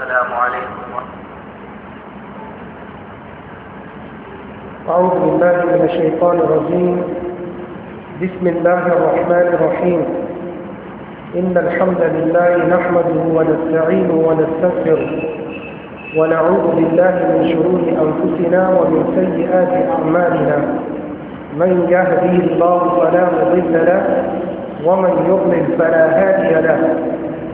السلام عليكم أعوذ بالله من الشيطان الرجيم بسم الله الرحمن الرحيم إن الحمد لله نحمده ونستعينه ونستغفره ونعوذ بالله من شرور أنفسنا ومن سيئات أعمالنا من يهدي الله فلا مضل له ومن يضلل فلا هادي له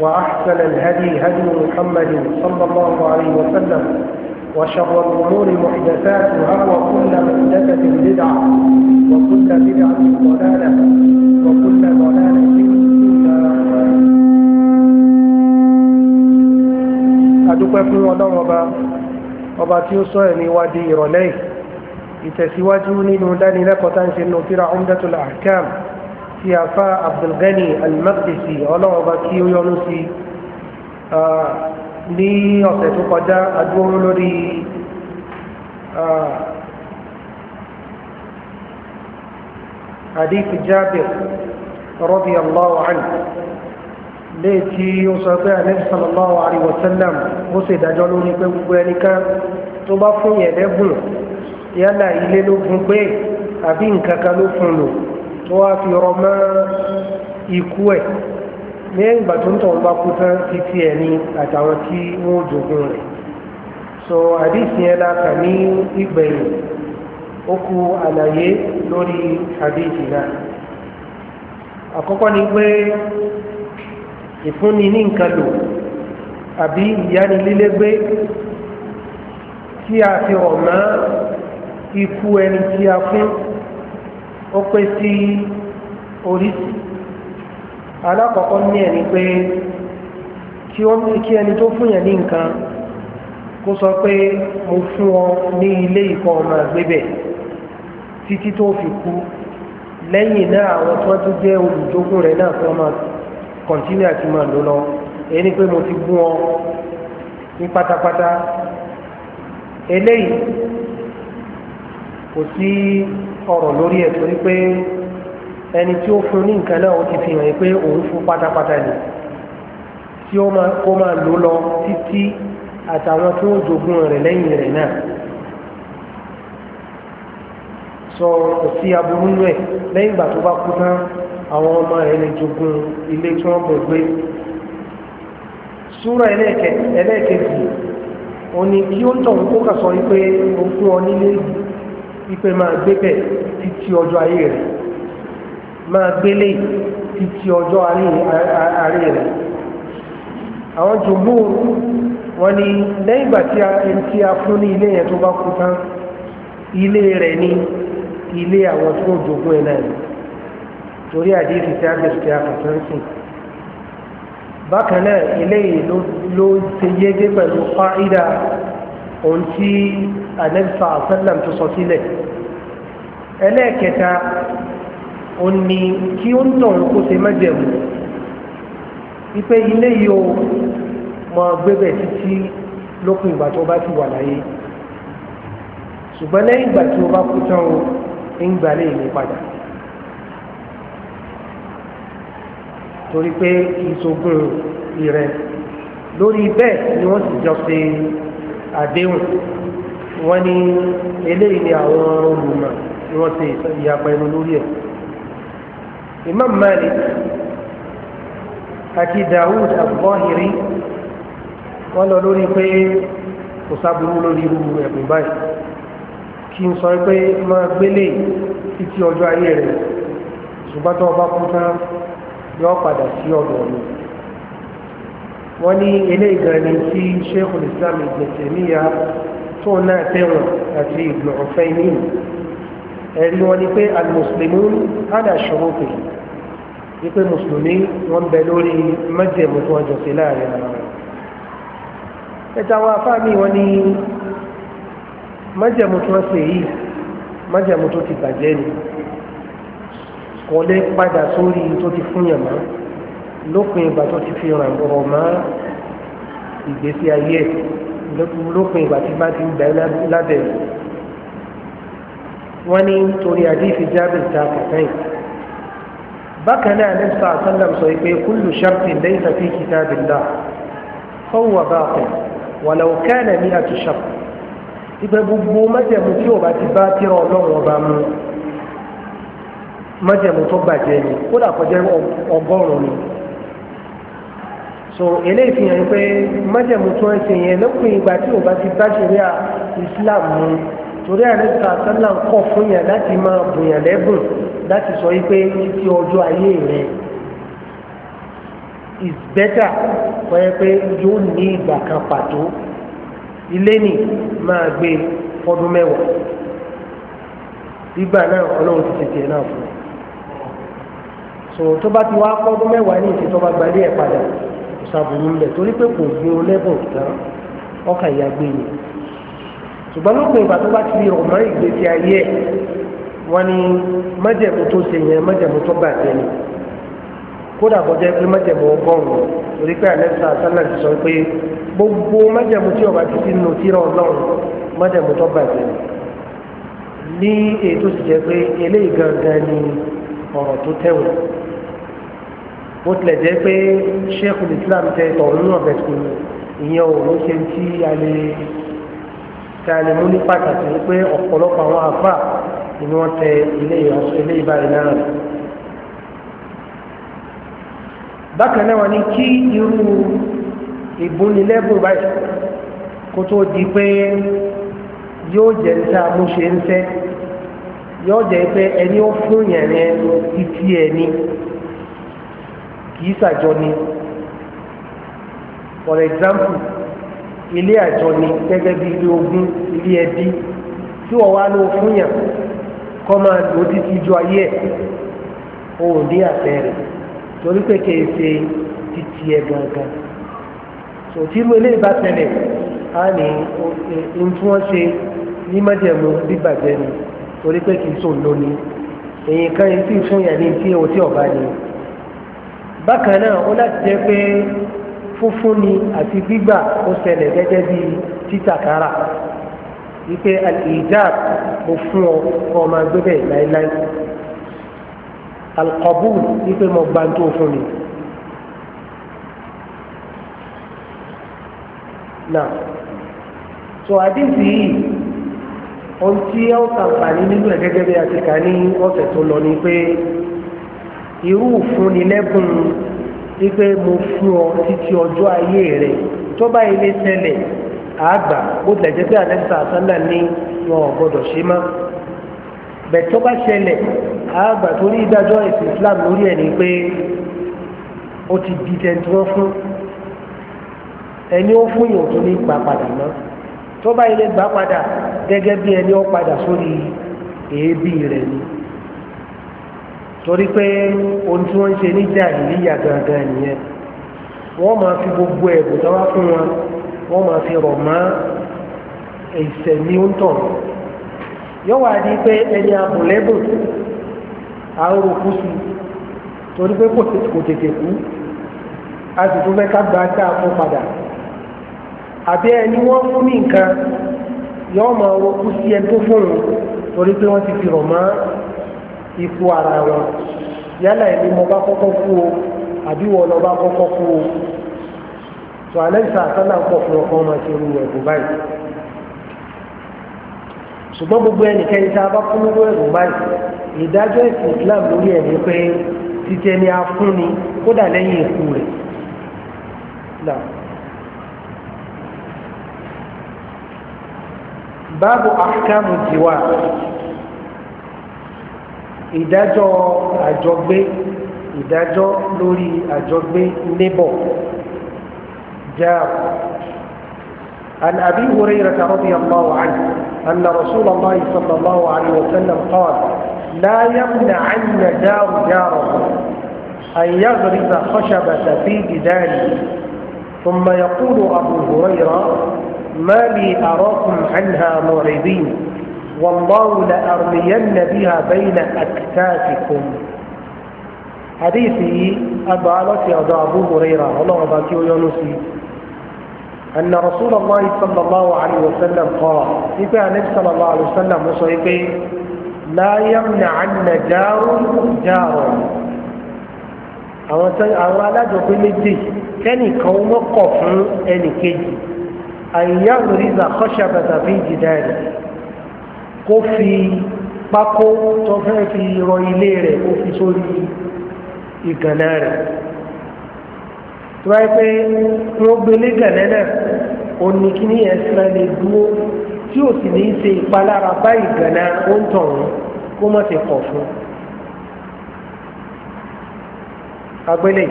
وأحسن الهدي هدي محمد صلى الله عليه وسلم وشر الأمور محدثاتها وكل محدثة بدعة وكل بدعة ضلالة وكل ضلالة adúpẹ́ fún ọlọ́run ọba ọba tí ó sọ ẹ̀mí wa di ìrọ̀lẹ́ ìtẹ̀síwájú nínú dánilẹ́kọ̀ọ́ tá ń ṣe nù tíra umdatul ahkam ti afa abdulgani almakdisi ọlọ́wọ́ba kí ó yọ́nú sí ní ọ̀sẹ̀ tó kọjá adúró lórí hadith jabir radiyallahu anhu léèkì ó sọ pé ànábì sallallahu alaihi wasallam ó sì dájọ́ lórí pé gbogbo ẹnìkan tó bá fún yẹn lẹ́bùn yálà ilé ló fún pé àbí nǹkan kan ló fún lò wọ́n á fi ọ̀rọ̀ mọ́ ikú ẹ̀ ní ẹ̀yìn ìgbà tó ń tọ̀wọ́n bá kú tán títí ẹ̀ ní àtàwọn tí wọ́n jogún rẹ̀ so àdìsí yẹn láta ní ìgbẹ̀yìn ó kù àlàyé lórí àdìsí náà àkọ́kọ́ ni pé ìfúnni ní nǹkan lò àbí ìyánilélégbé tí a fi rọ̀ mọ́ ikú ẹni tí a fún ó pé sí oríṣi alákọ̀ọ́kọ́ ní ẹni pé kí ẹni tó fún yẹn ní nǹkan kó sọ pé mo fún ọ ní ilé ìkọ́ ọmọ àgbébẹ̀ títí tó fi kú lẹ́yìn náà àwọn tí tún jẹ́ olùdókùn rẹ̀ náà fún ọmọ kọ̀ntínú àti máa lò lọ èyí ni pé mo ti gún ọ ní pátápátá eléyìí kò sí ọ̀rọ̀ lórí ẹ̀ torí pé ẹni tí ó fún ní nǹkan náà ó ti fi hàn yín pé òun fún pátápátá ni tí ó máa kó máa lò lọ títí àtàwọn tí ó jogún rẹ̀ lẹ́yìn rẹ̀ náà sọ kò sí aburú nù ẹ̀ lẹ́yìn ìgbà tó bá kú tán àwọn ọmọ rẹ̀ lè jogún ilé tí wọ́n bọ̀ gbé súra ẹlẹ́ẹ̀kejì ó ní kí ó ń tọ̀hún kó kà sọ wípé ó fún ọ nílé yìí ipe máa gbé bẹ̀ títí ọjọ́ ayé rẹ̀ máa gbélé títí ọjọ́ ayé rẹ̀ àwọn jòmbó wọn ni lẹ́yìn ìgbà tí ẹni tí a fún ní ilé yẹn tó bá kú tán ilé rẹ̀ ní ilé àwọn tó jogún ẹ̀ náà ni torí àdéhùn tí a gbèsè àkàtàn sìn bákan náà ilé yìí ló ṣe yege pẹ̀lú fáídà ohun tí anẹ́bísà àfẹ́lẹ̀ tó sọ sílẹ̀ ẹlẹ́ẹ̀kẹta ó ní kí ó ń tàn kó ṣe mẹ́jẹ̀mú wípé ilé yìí ó mọ gbébẹ̀ títí lópin ìgbà tó bá ti wà láyé ṣùgbọ́n lẹ́yìn ìgbà tí ó bá kú tán o ń gbà lè ní padà torí pé ìṣògùn ìrẹ lórí bẹ́ẹ̀ ni wọ́n sì jọ ṣe àdéhùn wọ́n ní eléyìí ni àwọn olùmọ̀ tí wọ́n ṣe ìyapa ẹnu lórí ẹ̀ Imam Malik àti Dawud Al-Zahiri lọ lórí pé kò sábúrú lórí irú ẹ̀bùn báyìí kí n sọ pé máa gbélé títí ọjọ́ ayé rẹ̀ ṣùgbọ́n tó o bá kú tán wọ́n ní ilé ìgbàni tí sheikh islam ìgbẹ̀tẹ̀ níyà tó náà tẹ̀wọ̀n àti ìgbọ̀n ọ̀fẹ́ yìí ẹ̀rí wọn ni pé al-muslimun ala shuruti ni pé mùsùlùmí wọ́n bẹ lórí májẹ̀mú tó wọ́n jọ láàrin ara rẹ̀ ẹ̀ta wọn afá mi wọ́n ní májẹ̀mú tó wọ́n ṣe yìí májẹ̀mú tó ti bàjẹ́ ni kò padà sórí tó ti fún yàn mọ́ lópin ìgbà tó ti fi ràn bọ̀rọ̀ mọ́ ìgbésí ayé lópin ìgbà tí bá ti ń bẹ lábẹ́ wọ́n ní torí àdífi jábìl ta kàtàyìn bákan náà ní sọ àtọ́lọ́m sọ pé kúlù shartin laysa fi kitabillah fahuwa batil walau kana mi'atu shart ìgbẹ́ gbogbo májẹ̀mú tí ò bá ti bá tírà ọlọ́run ọba mu májẹ̀mú tó bàjẹ́ ni kódà kọjá ọgọ́rùn-ún ni so eléyìí fi hàn pé májèmú tí wọ́n ṣe yẹn lópin ìgbà tí ò bá ti bá ṣẹ̀ríà Islam mu torí àlejò àtàlà ń kọ̀ fún yàn láti máa bùyàn lẹ́bùn láti sọ wípé títí ọjọ́ ayé rẹ̀ is better kọ́ ẹ pé yóò ní ìgbà kan pàtó ilé nì máa gbé fọdún mẹ́wàá gbígbà náà ọlọ́run ti tètè náà fún un so tó bá ti wá fọdún mẹ́wàá ní ìṣètò ọba gbalẹ̀ ẹ̀ padà kò sábòrò ńlẹ̀ torí pé kò gbé olẹ́bùn tán ọkà ìyàgbé ni ṣùgbọ́n lópin ìgbà tó bá ti rọ̀ mọ́ ìgbésí ayé ẹ̀ wọ́n ní májẹ̀mú tó ṣe yẹn májẹ̀mú tó bàjẹ́ ni kódà bọ́jẹ́ pé májẹ̀mú ọgọ́rùn-ún torí pé àlẹ́sà sálà ti sọ pé gbogbo májẹ̀mú tí ọba ti sínú tíra ọlọ́run májẹ̀mú tó bàjẹ́ ni ní èyí tó sì jẹ́ pé eléyìí gangan ni ọ̀rọ̀ tó tẹ̀wọ̀n bó tilẹ̀ jẹ́ pé sheikh islam tẹ tọ̀hún náà bẹ̀ tó ìyẹn ò ló ṣe tí a lè a lè mú ní pàtàkì pé ọ̀pọ̀lọpọ̀ àwọn àfà ni wọ́n tẹ ilé ìbáyìí náà. bákan náà wọ́n ní kí irú ìbúnilẹ́bùn báyìí kó tó di pé yóò jẹ́ níta bó ṣe ń fẹ́ yóò jẹ́ pé ẹni ó fún yẹn ní títí ẹni kì í ṣàjọ ni for example ilé àjọ ni gẹ́gẹ́ bí ilé ogún ilé ẹbí tí wọ́n wá ló fún yàn kọ́ máa lò títí ju ayé ẹ̀ o ò ní àfẹ́ rẹ̀ torí pé kìí ṣe títí ẹ̀ gangan sòtírú eléyìí bá tẹ̀lé a ní e, ohun tí wọ́n ṣe ní májẹ̀mú bíbàjẹ́ ni torí pé kìí sòun lónìí èyí kan yìí sì fún yàn ní tí o tí ọba ni bákan náà ó láti jẹ́ pé fúnfún ni àti gbígbà ó ṣẹlẹ̀ gẹ́gẹ́ bí títàkárà wípé al-ijab mo fún ọ kọ́ ọ máa gbé bẹ́ẹ̀ láéláé al wípé mo gbà tó fún mi. náà so àdìsí yìí ohun tí ó ṣàǹfààní nínú ẹ̀ gẹ́gẹ́ bí a ti kà ní ọ̀sẹ̀ tó lọ ni pé irú ìfúnnilẹ́kùn wípé mo fún ọ títí ọjọ́ ayé rẹ tó bá ilé ṣẹlẹ̀ àgbà bó tilẹ̀ jẹ́ pé àlẹ́sà àtàlà ní wọn ò gbọdọ̀ ṣe mọ́ bẹ́ẹ̀ tó bá ṣẹlẹ̀ àgbà torí ìdájọ́ ẹ̀sìn Islam lórí ẹ̀ ni pé ó ti di tẹ̀ntì wọn fún ẹni ó fún yòó tó ní gbà padà mọ́ tó bá ilé gbà padà gẹ́gẹ́ bí ẹni ó padà sórí èébì rẹ̀ ni torí pé ohun tí wọ́n ń ṣe ní jàhílíyà gangan nìyẹn wọ́n máa fi gbogbo ẹ̀bùn tó wá fún wọn wọ́n máa fi rọ̀ mọ́ ẹ̀sẹ̀ ní ó ń tàn yóò wá di pé ẹni àbùlẹ́bùn àrùn sí torí pé kò tètè kú a sì tún fẹ́ ká gba tá a fún padà àbí ẹni wọ́n fún ní nǹkan yóò máa ro kú sí ẹni tó fún un torí pé wọ́n ti fi rọ̀ mọ́ ikú ara wọn yálà ẹni mo bá kọ́kọ́ kú o àbí wọn lọ bá kọ́kọ́ kú o tó alẹ́ ìsàtọ́nà pọ̀ fún ọkọ ọmọ ṣe ru ẹ̀bùn báyìí ṣùgbọ́n gbogbo ẹnìkẹ́ni tá a bá fún lórí ẹ̀bùn báyìí ìdájọ́ ẹ̀sìn Islam lórí ẹ̀ pé títẹ ni a fún ni kódà lẹ́yìn ikú rẹ̀ náà. باب احكام ìdájọ́ àjọgbé ìdájọ́ lórí àjọgbé níbọ̀ جاء عن أبي هريرة رضي الله عنه أن رسول الله صلى الله عليه وسلم قال لا يمنعن جار جاره أن يغرز خشبة في جداره ثم يقول أبو هريرة ما لي أراكم عنها معرضين والله لأرمين بها بين أكتافكم حديثي أبعلت أضع أبو هريرة الله أباكي ويونسي أن رسول الله صلى الله عليه وسلم قال إذا النبي صلى الله عليه وسلم وصيبه لا يمنعن جار جار àwọn alájọpé méjì kẹ́nìkan wọ́n kọ̀ fún ẹnìkejì àyíyá òrìṣà kọ́ṣà bàtà bíi jìdá ẹ̀rẹ̀ kó fi pákó tó fẹ́ fi rọ ilé rẹ̀ kó fi sórí ìgànnà rẹ̀ tó bá yẹ pé wọ́n gbélé gànnà náà ó ní kí ní ẹ̀sán lè dúró tí ó sì ní í ṣe ìpalára bá ìgànnà ó ń tàn wọ́n kó má ti kọ̀ fún un. agbélé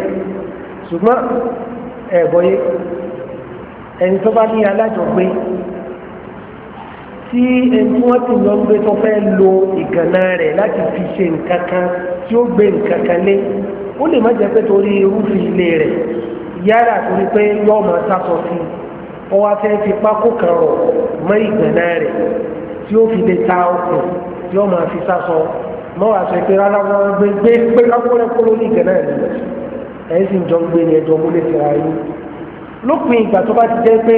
ṣùgbọ́n ẹ̀bọ̀yé ẹni tó bá ní alájọgbé tí ẹni wọ́n ti lọ gbé tó fẹ́ lo ìgànnà rẹ̀ láti fi ṣe nǹkan kan tí ó gbé nǹkan kan lé ó lè má jẹ́ pé torí irúfin ilé rẹ̀ yára torí pé yọ́ọ̀ máa sásọ sí i ó wá fẹ́ fi pákó kan rọ̀ mọ́ ìgànnà rẹ̀ tí ó fi lè ta ọkùn tí ó máa fi sásọ mọ́ wàá sọ pé rárá wọn gbé gbé pé kákó rẹ̀ kúrò ní ìgànnà rẹ̀ ẹ̀yìn sì jọ gbé ni ẹjọ́ múlẹ̀ síra lópin ìgbà tó bá ti jẹ́ pé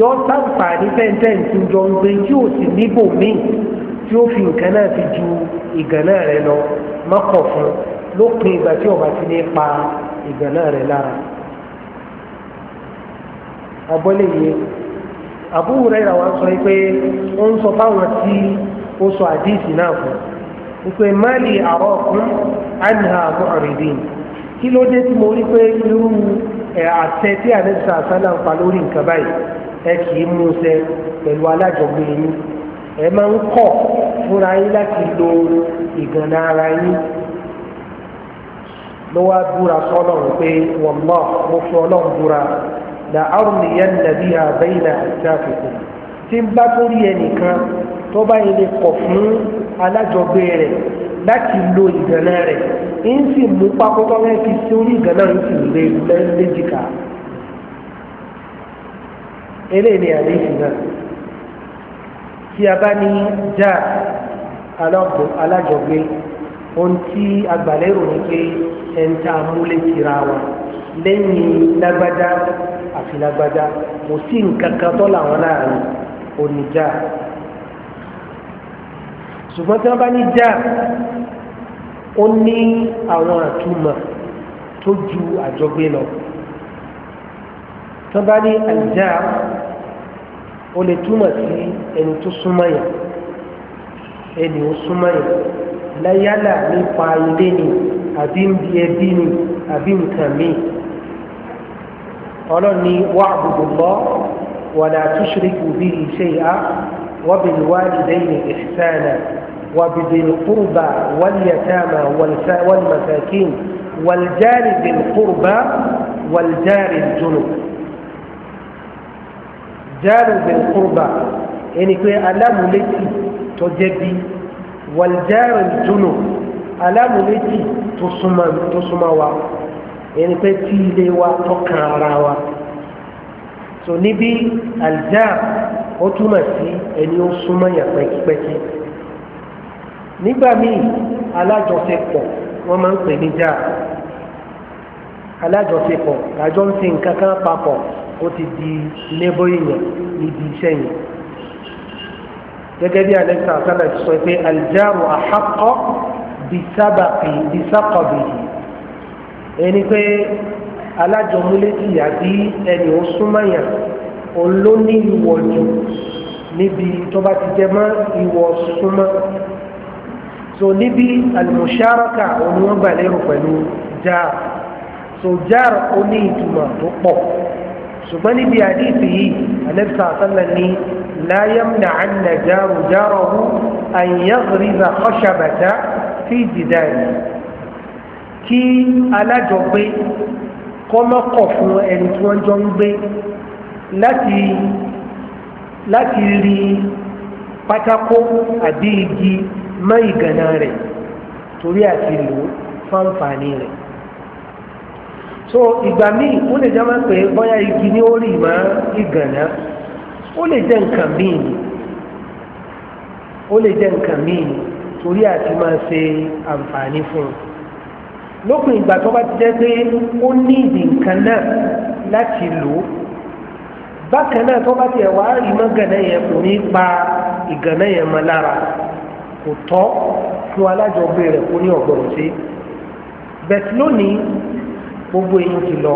yọ sáǹfààní tẹ́ǹtẹ́ǹ tó jọ ń gbé tí ò sì níbò míì tí ó fi nǹkan náà fi ju ìgànnà rẹ lọ mọ́kọ̀ fún lópin ìgbà tí ọba ti ní pa ìgànnà rẹ lára. agbọ́lẹ̀ yìí Abu Hurairah wa sọ pé ó ń sọ fáwọn tí ó sọ àdíìsì náà fún un pé má lè àrọ́ ọkùnrin àníhà àbúrò rẹ̀ bíi kí ló dé tí mo rí pé irú àṣẹ tí àdébísà àṣálà ń pa lórí nǹkan báyìí ẹ kì í mú ṣẹ pẹ̀lú alájọgbé yín ẹ máa ń kọ̀ fúnra yín láti lo ìgànnà ara yín ló wá búra sọ́lọ́run pé wọ́nmọ́ mo fi ọlọ́run búra la armiyan nabiha bayna àtàkùn tí ń bá tó rí ẹnìkan tó bá yẹn lè kọ̀ fún alájọgbé rẹ̀ láti lo ìgànnà rẹ̀ ń sì mú pákótọ́ rẹ̀ fi sórí ìgànnà ń sì lè lẹ́jìká eléyìí ni àdéhùn náà tí a bá ní já alájọgbé ohun tí agbàlérò ni pé ẹ̀ńtà múlé tira wa lẹ́yìn lágbádá àfi lágbádá kò sí nǹkan kan tó làwọn láàrin oníjà ṣùgbọ́n tí wọ́n bá ní já ó ní àwọn àtúmọ̀ tó ju àjọgbé lọ tí wọ́n bá ní àjá ó lè túmọ̀ sí ẹni tó súnmọ́ yẹn ẹni ó súnmọ́ yẹn láyálà nípa ilé ni àbí ẹbí ni àbí nǹkan míì ọlọ́ni wà àbùdùbọ́ wàlà tushriku bihi shay'a wa bil walidayni ihsana. وبذي القربى واليتامى والمساكين والجار ذي القربى والجار الجنوب جار ذي القربى يعني كي ألم لتي تجدي والجار الجنوب ألم لتي تسمى تسمى يعني كي تيلي وتكرارا so níbi aljar ó túmọ̀ sí ẹni ó súnmọ́ yàn nígbà míì alájọṣepọ̀ wọ́n máa ń pè ní jáà alájọṣepọ̀ àjọ ń sin kankan papọ̀ ó ti di lébó èèyàn níbi iṣẹ́ yẹn gẹ́gẹ́ bí alexa sábà ti sọ pé alìjáàrò àhákọ́ bisákọ̀bì ẹni pé alájọmúlétì àbí ẹni ó súnmọ́yàn olóní ìwọ̀ jù níbi tó bá ti jẹ mọ́ ìwọ̀ súnmọ́ so níbi alimusharaka òní wọ́n gbà lérò pẹ̀lú jar so jar ó ní ìtumọ̀ tó pọ̀ ṣùgbọ́n níbi àdìsí yìí anabisa asala ni la yamna'anna jaru jarahu an yaghriza khashabata fi jidari kí alájọgbé kọ́mọ́kọ̀ fún ẹni tí wọ́n jọ ń gbé láti láti rí pátákó àbí igi má ìgànnà rẹ̀ torí àti lò ó fáǹfààní rẹ̀ so ìgbà míì ó lè jẹ́ máa pé bóyá igi ní orí ìmọ̀ ìgànnà ó lè jẹ́ nǹkan míì ni ó lè jẹ́ nǹkan míì ni torí àti máa ṣe àǹfààní fún un lópin ìgbà tó bá ti jẹ́ pé ó ní ìdì nǹkan náà láti lò ó bákan náà tó bá ti wá rí gànnà yẹn kò ní pa ìgànnà yẹn mọ́ lára kò tọ́ fún alájọgbé rẹ̀ kó ní ọ̀gbọ̀rọ̀ sí bẹ̀tì lónìí gbogbo èèyàn ti lọ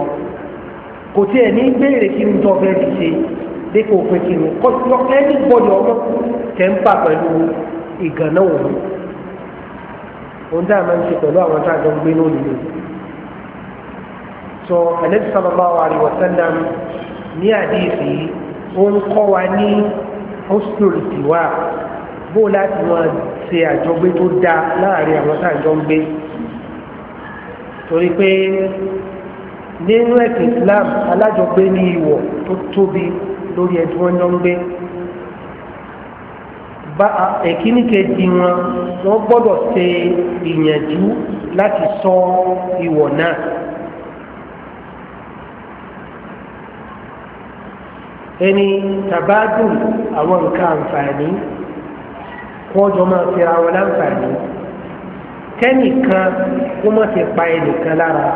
kò tí ẹ̀ ní béèrè kí n tọ́ bẹ́ẹ̀ ti ṣe dípò pé kí n kọ́ sí ọkẹ́ ní gbọ́dọ̀ ọmọ tẹ̀ ń bà pẹ̀lú ìgànnà òun ohun tá a máa ń ṣe pẹ̀lú àwọn tá a jọ ń gbé lónìí sọ Ànábì sallallahu alaihi wasallam ní àdéhìí ó ń kọ́ wa ní hostel tiwa bó láti wọn ṣe àjọgbé tó dáa láàrin àwọn tá à ń jọ ń gbé torí pé nínú ẹ̀sìn Islam alájọgbé ní ìwọ̀ tó tóbi lórí ẹni tí wọ́n jọ ń gbé ẹ̀kíní kejì wọn wọ́n gbọ́dọ̀ ṣe ìyànjú láti sọ ìwọ̀ náà. ẹni tàbádùn àwọn nǹkan àǹfààní wọ́n jọ máa fi ara wọn láǹfààní kẹ́nìkan kó má ti pa ẹnìkan lára.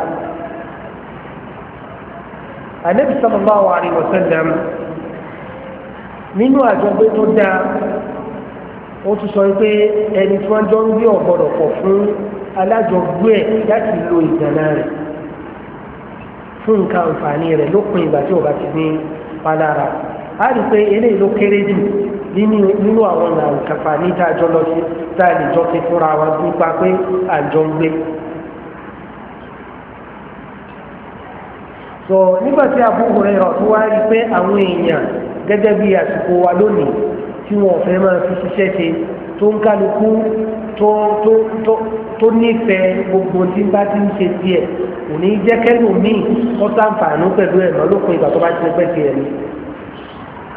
Ànábì sallallahu alaihi wasallam nínú àjọgbé tó dáa ó tún sọ pé ẹni tí wọ́n jọ ń gbé ọ̀gbọ́dọ̀ pọ̀ fún alájọgbé ẹ̀ láti lo ìdáná rẹ̀ fún nǹkan àǹfààní rẹ̀ lópin ìgbà tí ò bá ti ní palára. a rí i pé eléyìí ló kéré jù nínú àwọn àǹkàfà ní dájọ lọ sí tá a lè jọ ti fúnra wa nípa pé àjọ ń gbé. so nígbà tí Abu Hurairah tó wá rí pé àwọn èèyàn gẹ́gẹ́ bí àsìkò wa lónìí tí wọ́n fẹ́ máa fi ṣiṣẹ́ ṣe tó ń kálukú tó tó tó tó nífẹ̀ẹ́ gbogbo tí bá ti ń ṣe tiẹ̀ kò ní jẹ́ kẹ́lòmíì kó ṣàǹfààní pẹ̀lú ẹ̀ lọ́lọ́pọ̀ ìgbà tó bá ti pẹ́ tiẹ̀ ni.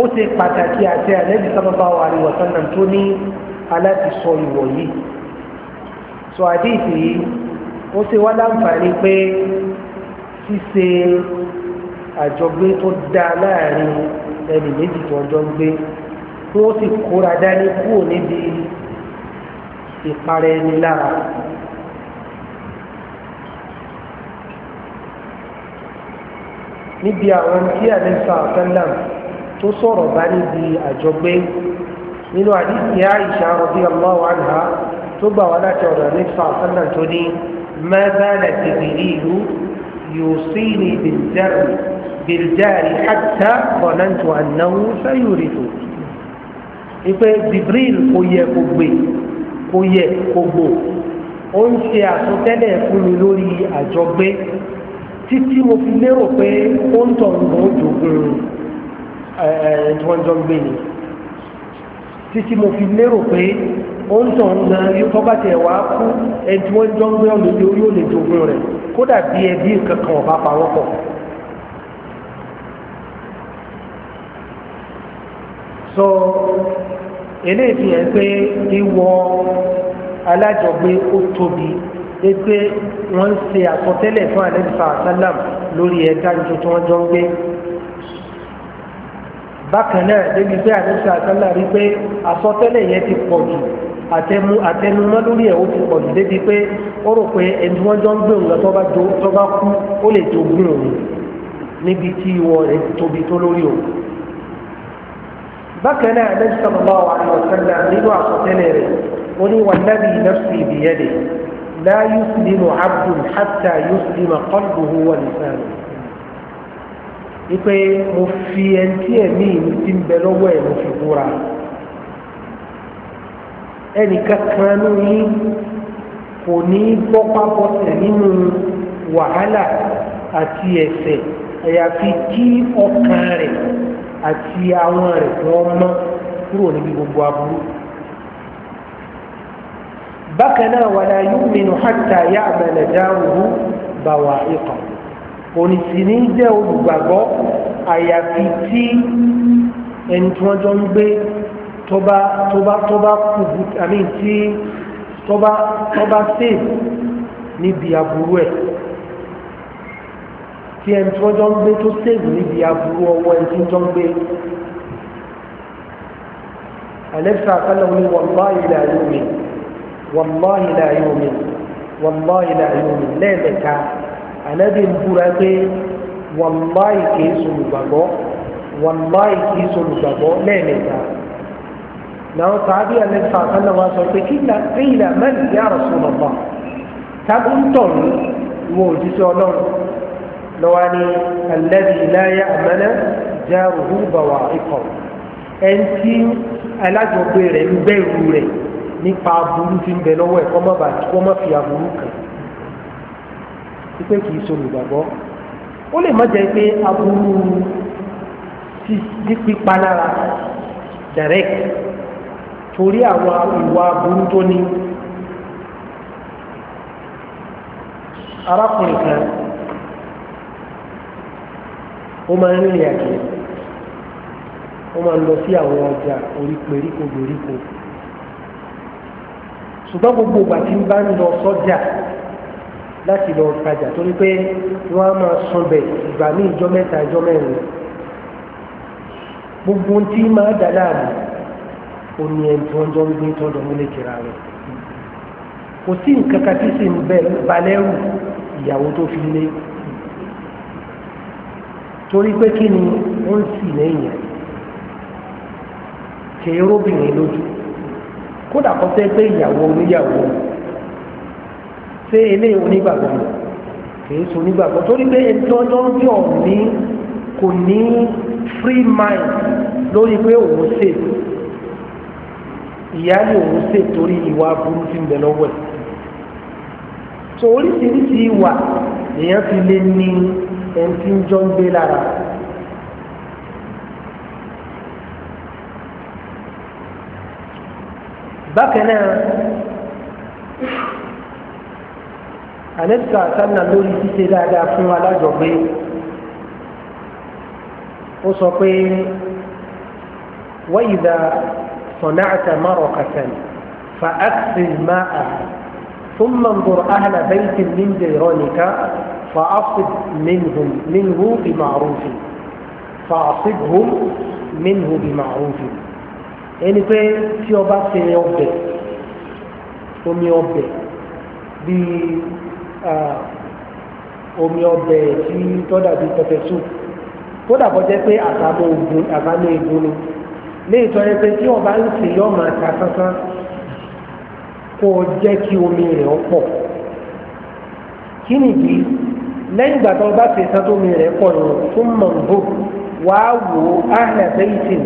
ó ṣe pàtàkì àti àlẹ́bí sábàbá wa rí wọ̀sánà tó ní aláti sọ ìwọ̀ yìí sọ àdéhìí yìí ó ṣe wá láǹfààní pé ṣíṣe àjọgbé tó dáa láàrin ẹnì méjì tó ọjọ́ ń gbé kí wọ́n sì kóra dání kúrò níbi ìparẹ́ ẹni lára. níbi àwọn tí àlẹ́ sọ àtẹ́lẹ̀ tó sọ̀rọ̀ bá níbi àjọgbé nínú àdìsí àìsà radiyallahu anha tó gbà wá láti ọ̀dọ̀ ní sàásánà tó ní mẹ́sàánà ti bìrì ìlú yusini biljari hatta kọ̀nàntù ànáwó sayuritu ipe Jibril kò yẹ kò gbé kò yẹ kò gbò ó ń ṣe àsọtẹ́lẹ̀ fún mi lórí àjọgbé títí mo fi lérò pé ó ń tọ̀ ń tí wọ́n jọ ń gbé ni títí mo fi lérò pé ó ń tàn gan yóò tọ́ bá tiẹ̀ wá kú ẹni tí wọ́n jọ ń gbé ọ̀nà yóò lè jogún rẹ̀ kódà bí ẹbí nǹkan kan ọ̀bá pa wọ́n pọ̀. sọ eléyìí fi hàn pé ìwọ alájọgbé ó tóbi pé wọ́n ń ṣe àsọtẹ́lẹ̀ fún àlẹ́ sàlám lórí ẹ̀ka tuntun wọn jọ ń gbé bákan náà débi pé àdéhùn àtàlà rí pé àsọtẹ́lẹ̀ yẹn ti pọ̀ jù àtẹnu àtẹnumọ́ lórí ẹ̀ ó ti pọ̀ jù débi pé ó rò pé ẹni wọ́n jọ ń gbé òun lọ tó bá do tó bá kú ó lè jogún òun níbi tí ìwọ rẹ̀ tóbi tó lórí òun. bákan náà àdéhùn sallallahu alaihi wasallam nínú àsọtẹ́lẹ̀ rẹ̀ ó ní walladhi nafsi biyadihi la yuslimu abdun hatta yuslima qalbuhu wa lisanuhu ipe mo fi ẹntì ẹ̀mí mi ti ń bẹ lọ́wọ́ ẹ̀ mo fi búra ẹnì kankan nínú yín kò ní bọ́pábọ́sẹ̀ nínú wàhálà àti ẹ̀ṣẹ̀ àyàfi kí ọkàn rẹ̀ àti àwọn rẹ̀ wọ́n mọ́ kúrò níbi gbogbo aburú. bákan náà wàlá yóò mìíràn hàtà yá àbẹ̀lẹ̀ dáhùn bàwà ikọ̀ onísì ní jẹ́ olùgbàgbọ́ àyàfi tí ẹni tí wọ́n jọ ń gbé tó bá tó bá tó bá kù àmì tí tó bá tó bá save níbi aburú ẹ̀ tí ẹni tí wọ́n jọ ń gbé tó save níbi aburú ọwọ́ ẹni tí wọ́n jọ ń gbé alexa akálẹ̀ wọn ni wallahi la yu'min wallahi la yu'min wallahi la yu'min ànábì ń búra pé wàláì kìí sọlùgbàgbọ́ wàláì kìí sọlùgbàgbọ́ lẹ́ẹ̀mẹ́ta làwọn sàábì ànábì sàkánná wa sọ pé kí ìlà mẹ́rin yà Rasulullah tábù ń tọ̀ ní ìwọ òjíṣẹ́ ọlọ́run lọ́wọ́ ni alladhi la ya'mana jaruhu bawa'iqahu ẹni tí alájọgbé rẹ̀ ń bẹ̀rù rẹ̀ nípa aburú ń bẹ lọ́wọ́ ẹ̀ kọ́ mọ́ fi aburú kan. pé kì í ṣe olùgbàgbọ́ ó lè má jẹ́ pé aburú pípa lára direct torí àwọn ìwà aburú tó ní arákùnrin kan ó máa ń rìnrìn àjò ó máa ń lọ sí àwọn ọjà oríperíko gbèríko ṣùgbọ́n gbogbo ìgbà tí ń bá láti lọ tajà torí pé wọ́n á máa sunbẹ̀ ìgbà ní ìjọ mẹ́ta ìjọ mẹ́rin gbogbo tí máa dà láàmú ó ní ẹni tí wọ́n jọ ń gbé tọ́jọ́ múlẹ̀ kíra rẹ̀ kò sí nǹkan kan tí sì ń bẹ balẹ̀rù ìyàwó tó fi lé torí pé kí ni wọ́n sì lẹ́yìn ẹ̀ obìnrin lójú kódà kọ́ fẹ́ pé ìyàwó oníyàwó ṣé eléyìí onígbàgbọ́ ni kìí ṣe onígbàgbọ́ torí pé ìtọ́jọ́ tí ò ní kò ní free mind lórí pé òun ṣe ìyá ni òun ṣe torí ìwà burú tí ń bẹ lọ́wọ́ ẹ̀ so oríṣiríṣi ìwà èèyàn fi lè ní ẹni tí ń jọ ń gbé lára. bákan náà àlẹ́sà sánà lórí ṣíṣe dáadáa fún alájọgbé ó sọ pé wáyìdá صنعت مرقة فأكفل ماءها ثم انظر أهل بيت من جيرانك فأصب منهم منه بمعروف فأصبهم منه بمعروف ẹni pé tí ọba ṣe ọbẹ̀ omi ọbẹ̀ bíi omi ọbẹ̀ tí tọ́dà bíi pẹpẹ sùn kódà bọ́ jẹ́ pé àtàmọ́ ògùn àbámọ́ ìgún ni ní ìtọ́jú pé tí wọ́n bá ń sè yọ́ máa ta sánsán kó o jẹ́ kí omi rẹ̀ ó pọ̀ kí nìdí lẹ́yìn ìgbà tó o bá sè sán tó omi rẹ̀ pọ̀ lọ fún mọ̀nbó wàá wò ó áhà bẹ́yìtì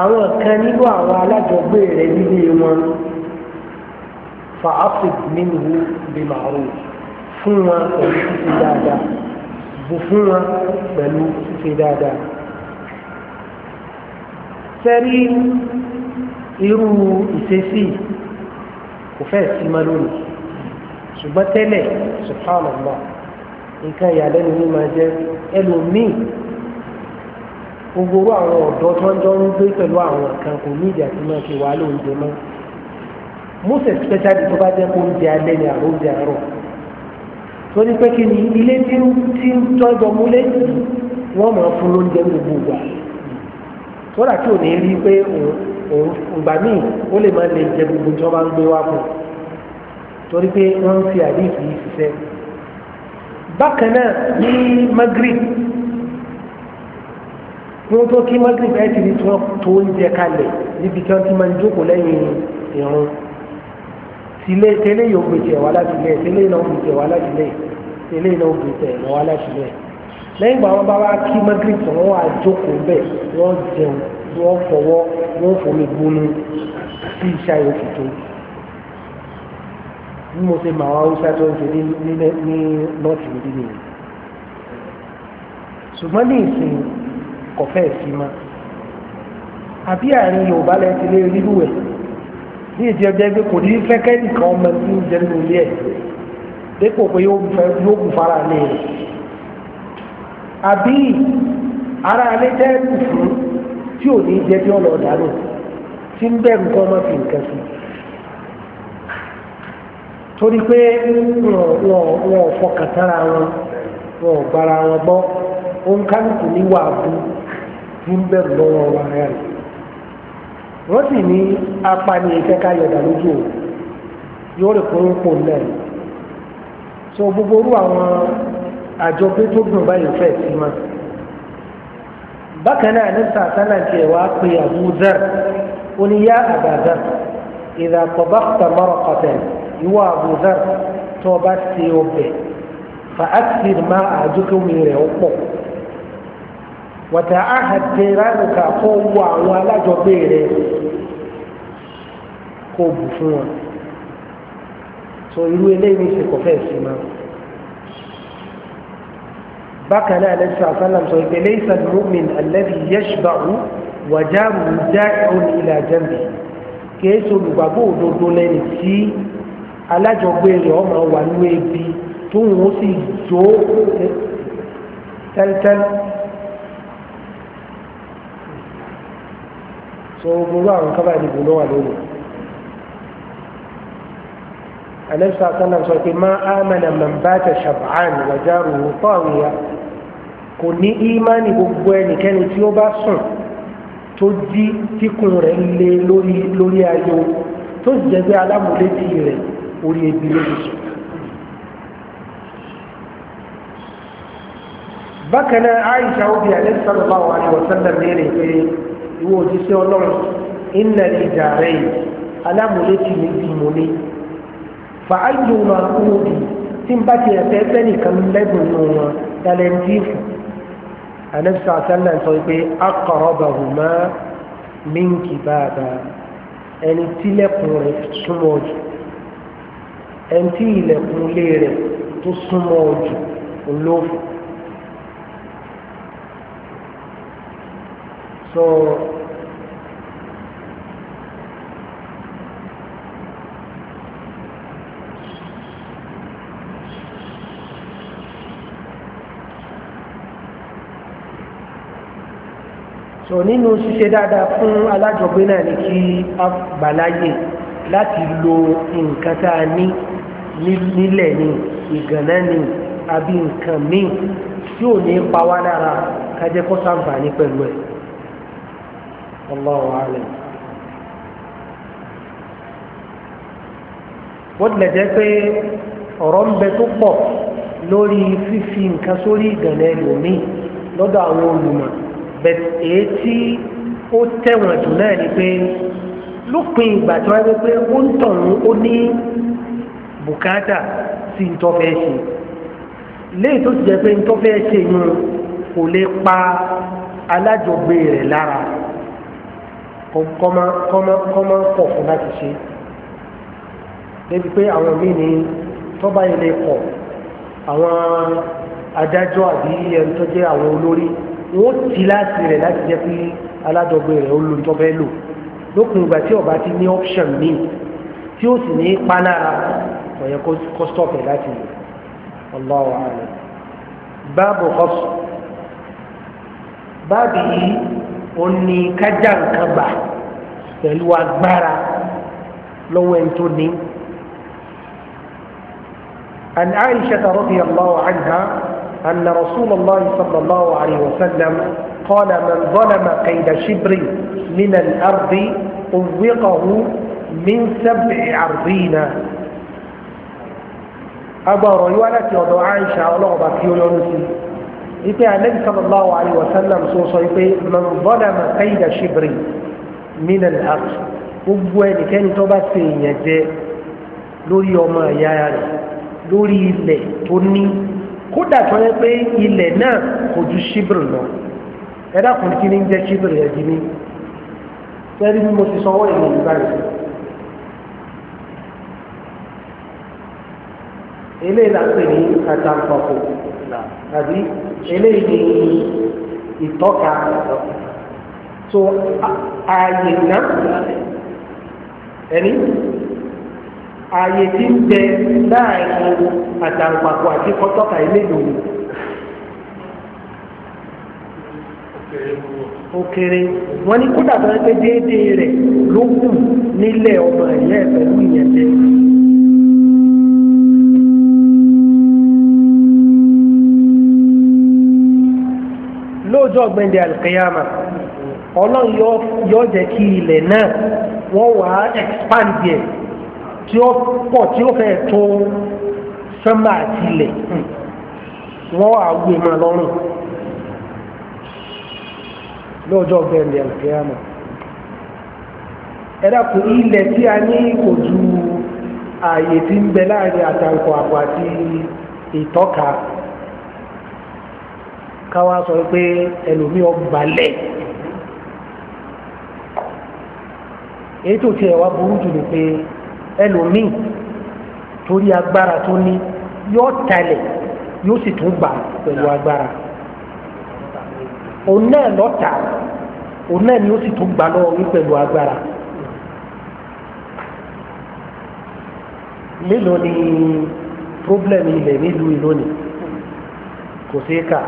àwọn kan nínú àwọn alájọgbé rẹ̀ nílé wọn fàáfì nínú bí màrún fún wọn pẹ̀lú ṣíṣe dáadáa bù fún wọn pẹ̀lú ṣíṣe dáadáa. sẹ́rí irú ìṣesí kò fẹ́ sí mọ́ lónìí ṣùgbọ́n tẹ́lẹ̀ subhanallah nǹkan ìyàlẹ́nu ní máa jẹ́ ẹlòmíì gbogbo àwọn ọ̀dọ́ tó ń jọ ń gbé pẹ̀lú àwọn kan kò ní ìdí máa fi wàhálà oúnjẹ mọ́ most especially tó bá jẹ́ kó oúnjẹ alẹ́ ni àrò àárọ̀ torí pé kí ni ilé tí ń tọ́jọ múlé wọ́n máa fún lóúnjẹ gbogbo ìgbà tọ́lá tí ò ní rí pé òun ìgbà míì ó lè máa lè jẹ gbogbo tí wọ́n bá ń gbé wá fún torí pé wọ́n ń fi àdéhùn yìí ṣiṣẹ́ bákan náà ní Maghrib wọ́n tó kí Maghrib ẹ̀ ti tí wọ́n tó oúnjẹ kalẹ̀ níbi tí wọ́n ti máa ń jókòó lẹ́yìn ìrún tilé tẹ́lẹ̀ yóò gbé tiẹ̀ wá láti ilé tẹ́lẹ̀ náà gbé tiẹ̀ wá láti ilé tẹ́lẹ̀ náà gbé tiẹ̀ wá láti ilé lẹ́yìn ìgbà wọn bá wá kí magreth wọn wá jókòó bẹ́ẹ̀ wọ́n jẹun wọ́n fọwọ́ wọ́n fomi gbónú sí iṣẹ́ ayò kìtó bí mo ṣe màá wá húṣà tó ń ṣe ní nọ́ọ̀tì níbí nìyẹn ṣùgbọ́n ní ìsìn kọ̀fẹ́ sí ma àbí àárín Yorùbá lẹ́ẹ̀tì lé rírú ẹ̀ ní ìdí ọjọ́ ẹgbẹ́ kò ní fẹ́ kẹ́ni kan ọmọ tí ń jẹ nínú ilé ẹ̀ dépò pé yóò kù fara lé ara alẹ́ jẹ́ tí ò ní jẹ́ bí ọ̀nà ọ̀daràn tí ń bẹ̀rù kọ́ ọmọ fi nǹkan sí torí pé wọn ò fọkàn tára wọn wọn ò gbára wọn gbọ́ ní wọ́n sì ní apani ìfẹ́ká yọ̀dà lójú o yóò rè kó pò náà so gbogbo orú àwọn àjọ pé tó báyìí fẹ́ sí ma bákan náà ní sàtánà tiẹ̀ wá pé àbúzẹ́r ó ní yá àbàzẹ́r kọ̀tẹ̀ ìwọ àbúzẹ́r tó bá ti ọbẹ̀ fa àkìsì ma a rẹ̀ ó pọ̀. wọ̀tà àhàdé ránìkà kó wo àwọn alájọgbé rẹ kó bù fún wọn so irú eléyìí ṣe kò fẹ́ sí ma bákan náà alẹ́ sọ àfẹ́lá sọ ìpè lẹ́yìn sàdúrómìn alẹ́bí yẹ́ṣùbàrú wàjáàrú dá ìhòòhùn ilẹ̀ àjẹ́mbì kìí ṣe olùgbàgbọ́ òdodo lẹ́ni tí alájọgbé rẹ̀ ọmọ wà ní ebi tó ń wọ́n sì jó tẹ́lítẹ́lí. tó gbogbo àwọn kábà ìdìbò ló wà lónìí anabisa sallam sọ pé má amana mambata shab'an wàjáru tọ́wìyà kò ní ímánì gbogbo ẹnikẹ́ni tí ó bá sùn tó jí tíkùn rẹ̀ lé lórí lórí ayọ̀ tó sì jẹ́ pé alámúlétì rẹ̀ orí ebi ló sùn. bákan náà aisha obi alẹ́ sallallahu alaihi wasallam ní ẹni pé ìwọ òjíṣẹ́ ọlọ́run iná ìjà rẹ̀ yìí alámúlétì mi bì mọ́ ní. fàájì máa kú òbí tí n bá ti ẹ̀fẹ́ fẹ́nìkan lẹ́gbọ̀n nù wọn lálẹ́ ń dín anabisa asálà sọ pé aqrabahu ma minki baba ẹni tílẹ̀kùn rẹ̀ súnmọ́ jù ẹni tí ilẹ̀kùn lé rẹ̀ tó súnmọ́ jù olófin. so so nínú ṣíṣe dáadáa fún alájọgbé náà ni kí a gbàláyè láti lo nǹkan tá a ní nílẹ̀ ni ìgànnà ni àbí nǹkan míì tí ò ní pa wá lára kájẹ́ kó ṣàǹfààní pẹ̀lú ẹ̀. Allahu alim. bó tilẹ̀ jẹ́ pé ọ̀rọ̀ ń bẹ tó pọ̀ lórí fífi nǹkan sórí ìgànnà ẹlòmíì lọ́dọ̀ àwọn olùmọ̀ bẹ̀t èyí tí ó tẹ̀wọ̀n jù náà ni pé lópin ìgbà tí wọ́n wípé ó ń tọ̀hún ó ní bùkátà sí ntọ́fẹ́ ṣe léyìí tó ti jẹ́ pé ntọ́fẹ́ ṣe yun kò lè pa alájọgbé rẹ̀ lára kọ́má kọ́má kọ́má pọ̀ fún láti ṣe débi pé àwọn míì ní tọ́ba ilé pọ̀ àwọn adájọ́ àbí ẹni tó jẹ́ àwọn olórí wọ́n ti láti rẹ̀ láti jẹ́ pé aládọ́gbé rẹ̀ ó lóun tó lò lókun ìgbà tí ọba ti ní option míì tí ó sì ní pálára ọ̀yẹ́ kó stop ẹ̀ láti lò Allahu a'lam báàbù kọ́sù báàbù yìí ó ní kájà nǹkan gbà pẹ̀lú agbára lọ́wọ́ ẹni tó ní. عن عائشة رضي الله عنها أن رسول الله صلى الله عليه وسلم قال من ظلم كيد شبر من الأرض أوقه من سبع أرضين agbọ̀rọ̀ yìí wá láti ọ̀dọ̀ àìṣà ọlọ́ọ̀bà kí ó yọrù sí ipe anabi sallallahu alayhi wa sallam sọ ipe man zalama kayda shibri mina al-haqq gbogbo ẹnikẹ́ni tó bá ṣe èèyàn jẹ lórí ọmọ ìyá rẹ̀ lórí ilẹ̀ tó ní kódà tó yẹ pé ilẹ̀ náà kò ju ṣíbìrì lọ ẹ dákun kí ni ń jẹ́ ṣíbìrì ẹ̀dí ní fẹ́rí bí mo ti sọ ọwọ́ ìlú báyìí eléyìí la pè ní àtàǹpàpọ̀ àbí eléyìí ni ìtọ́ka àtàǹpàpọ̀ so ààyè náà ẹni ààyè tí ń bẹ láàrin àtàǹpàkò àti kọ́tọ́kà ilé ìlòyìn ó kéré wọ́n ní kódà tó ń pẹ́ déédéé rẹ̀ ló kù nílẹ̀ ọmọ ẹ̀yẹ́ pẹ̀lú ìyẹn bẹ́ẹ̀. lóòjọ́ gbẹ̀ndẹ̀ àlùkìyàmà. ọlọ́run yóò jẹ́ kí ilẹ̀ náà wọ́n wá expand yẹ tí ó pọ̀ tí ó fẹ́ tó sánmà àti ilẹ̀ hmm. wọ́n wá wé ma lọ́rùn lọ́jọ́ bẹ́ẹ̀ alùpùpù ẹ̀dàkùn ilẹ̀ tí a ní kò ju ààyè tí ń bẹ láàrin àtàǹkọ̀ àpò àti ìtọ́ka káwá sọ pé ẹlòmíọ́ gbalẹ̀ èyí tó tiẹ̀ wá burú jù ní pé ẹlòmíì torí agbára tó ní yóò talẹ̀ yóò sì tún gbà pẹ̀lú agbára òun náà lọ́ta òun náà ni ó sì tún gbà lọ́wọ́ wí pẹ̀lú agbára. mélòó ni problem ilẹ̀ nílùú ìlónìí kò sí kà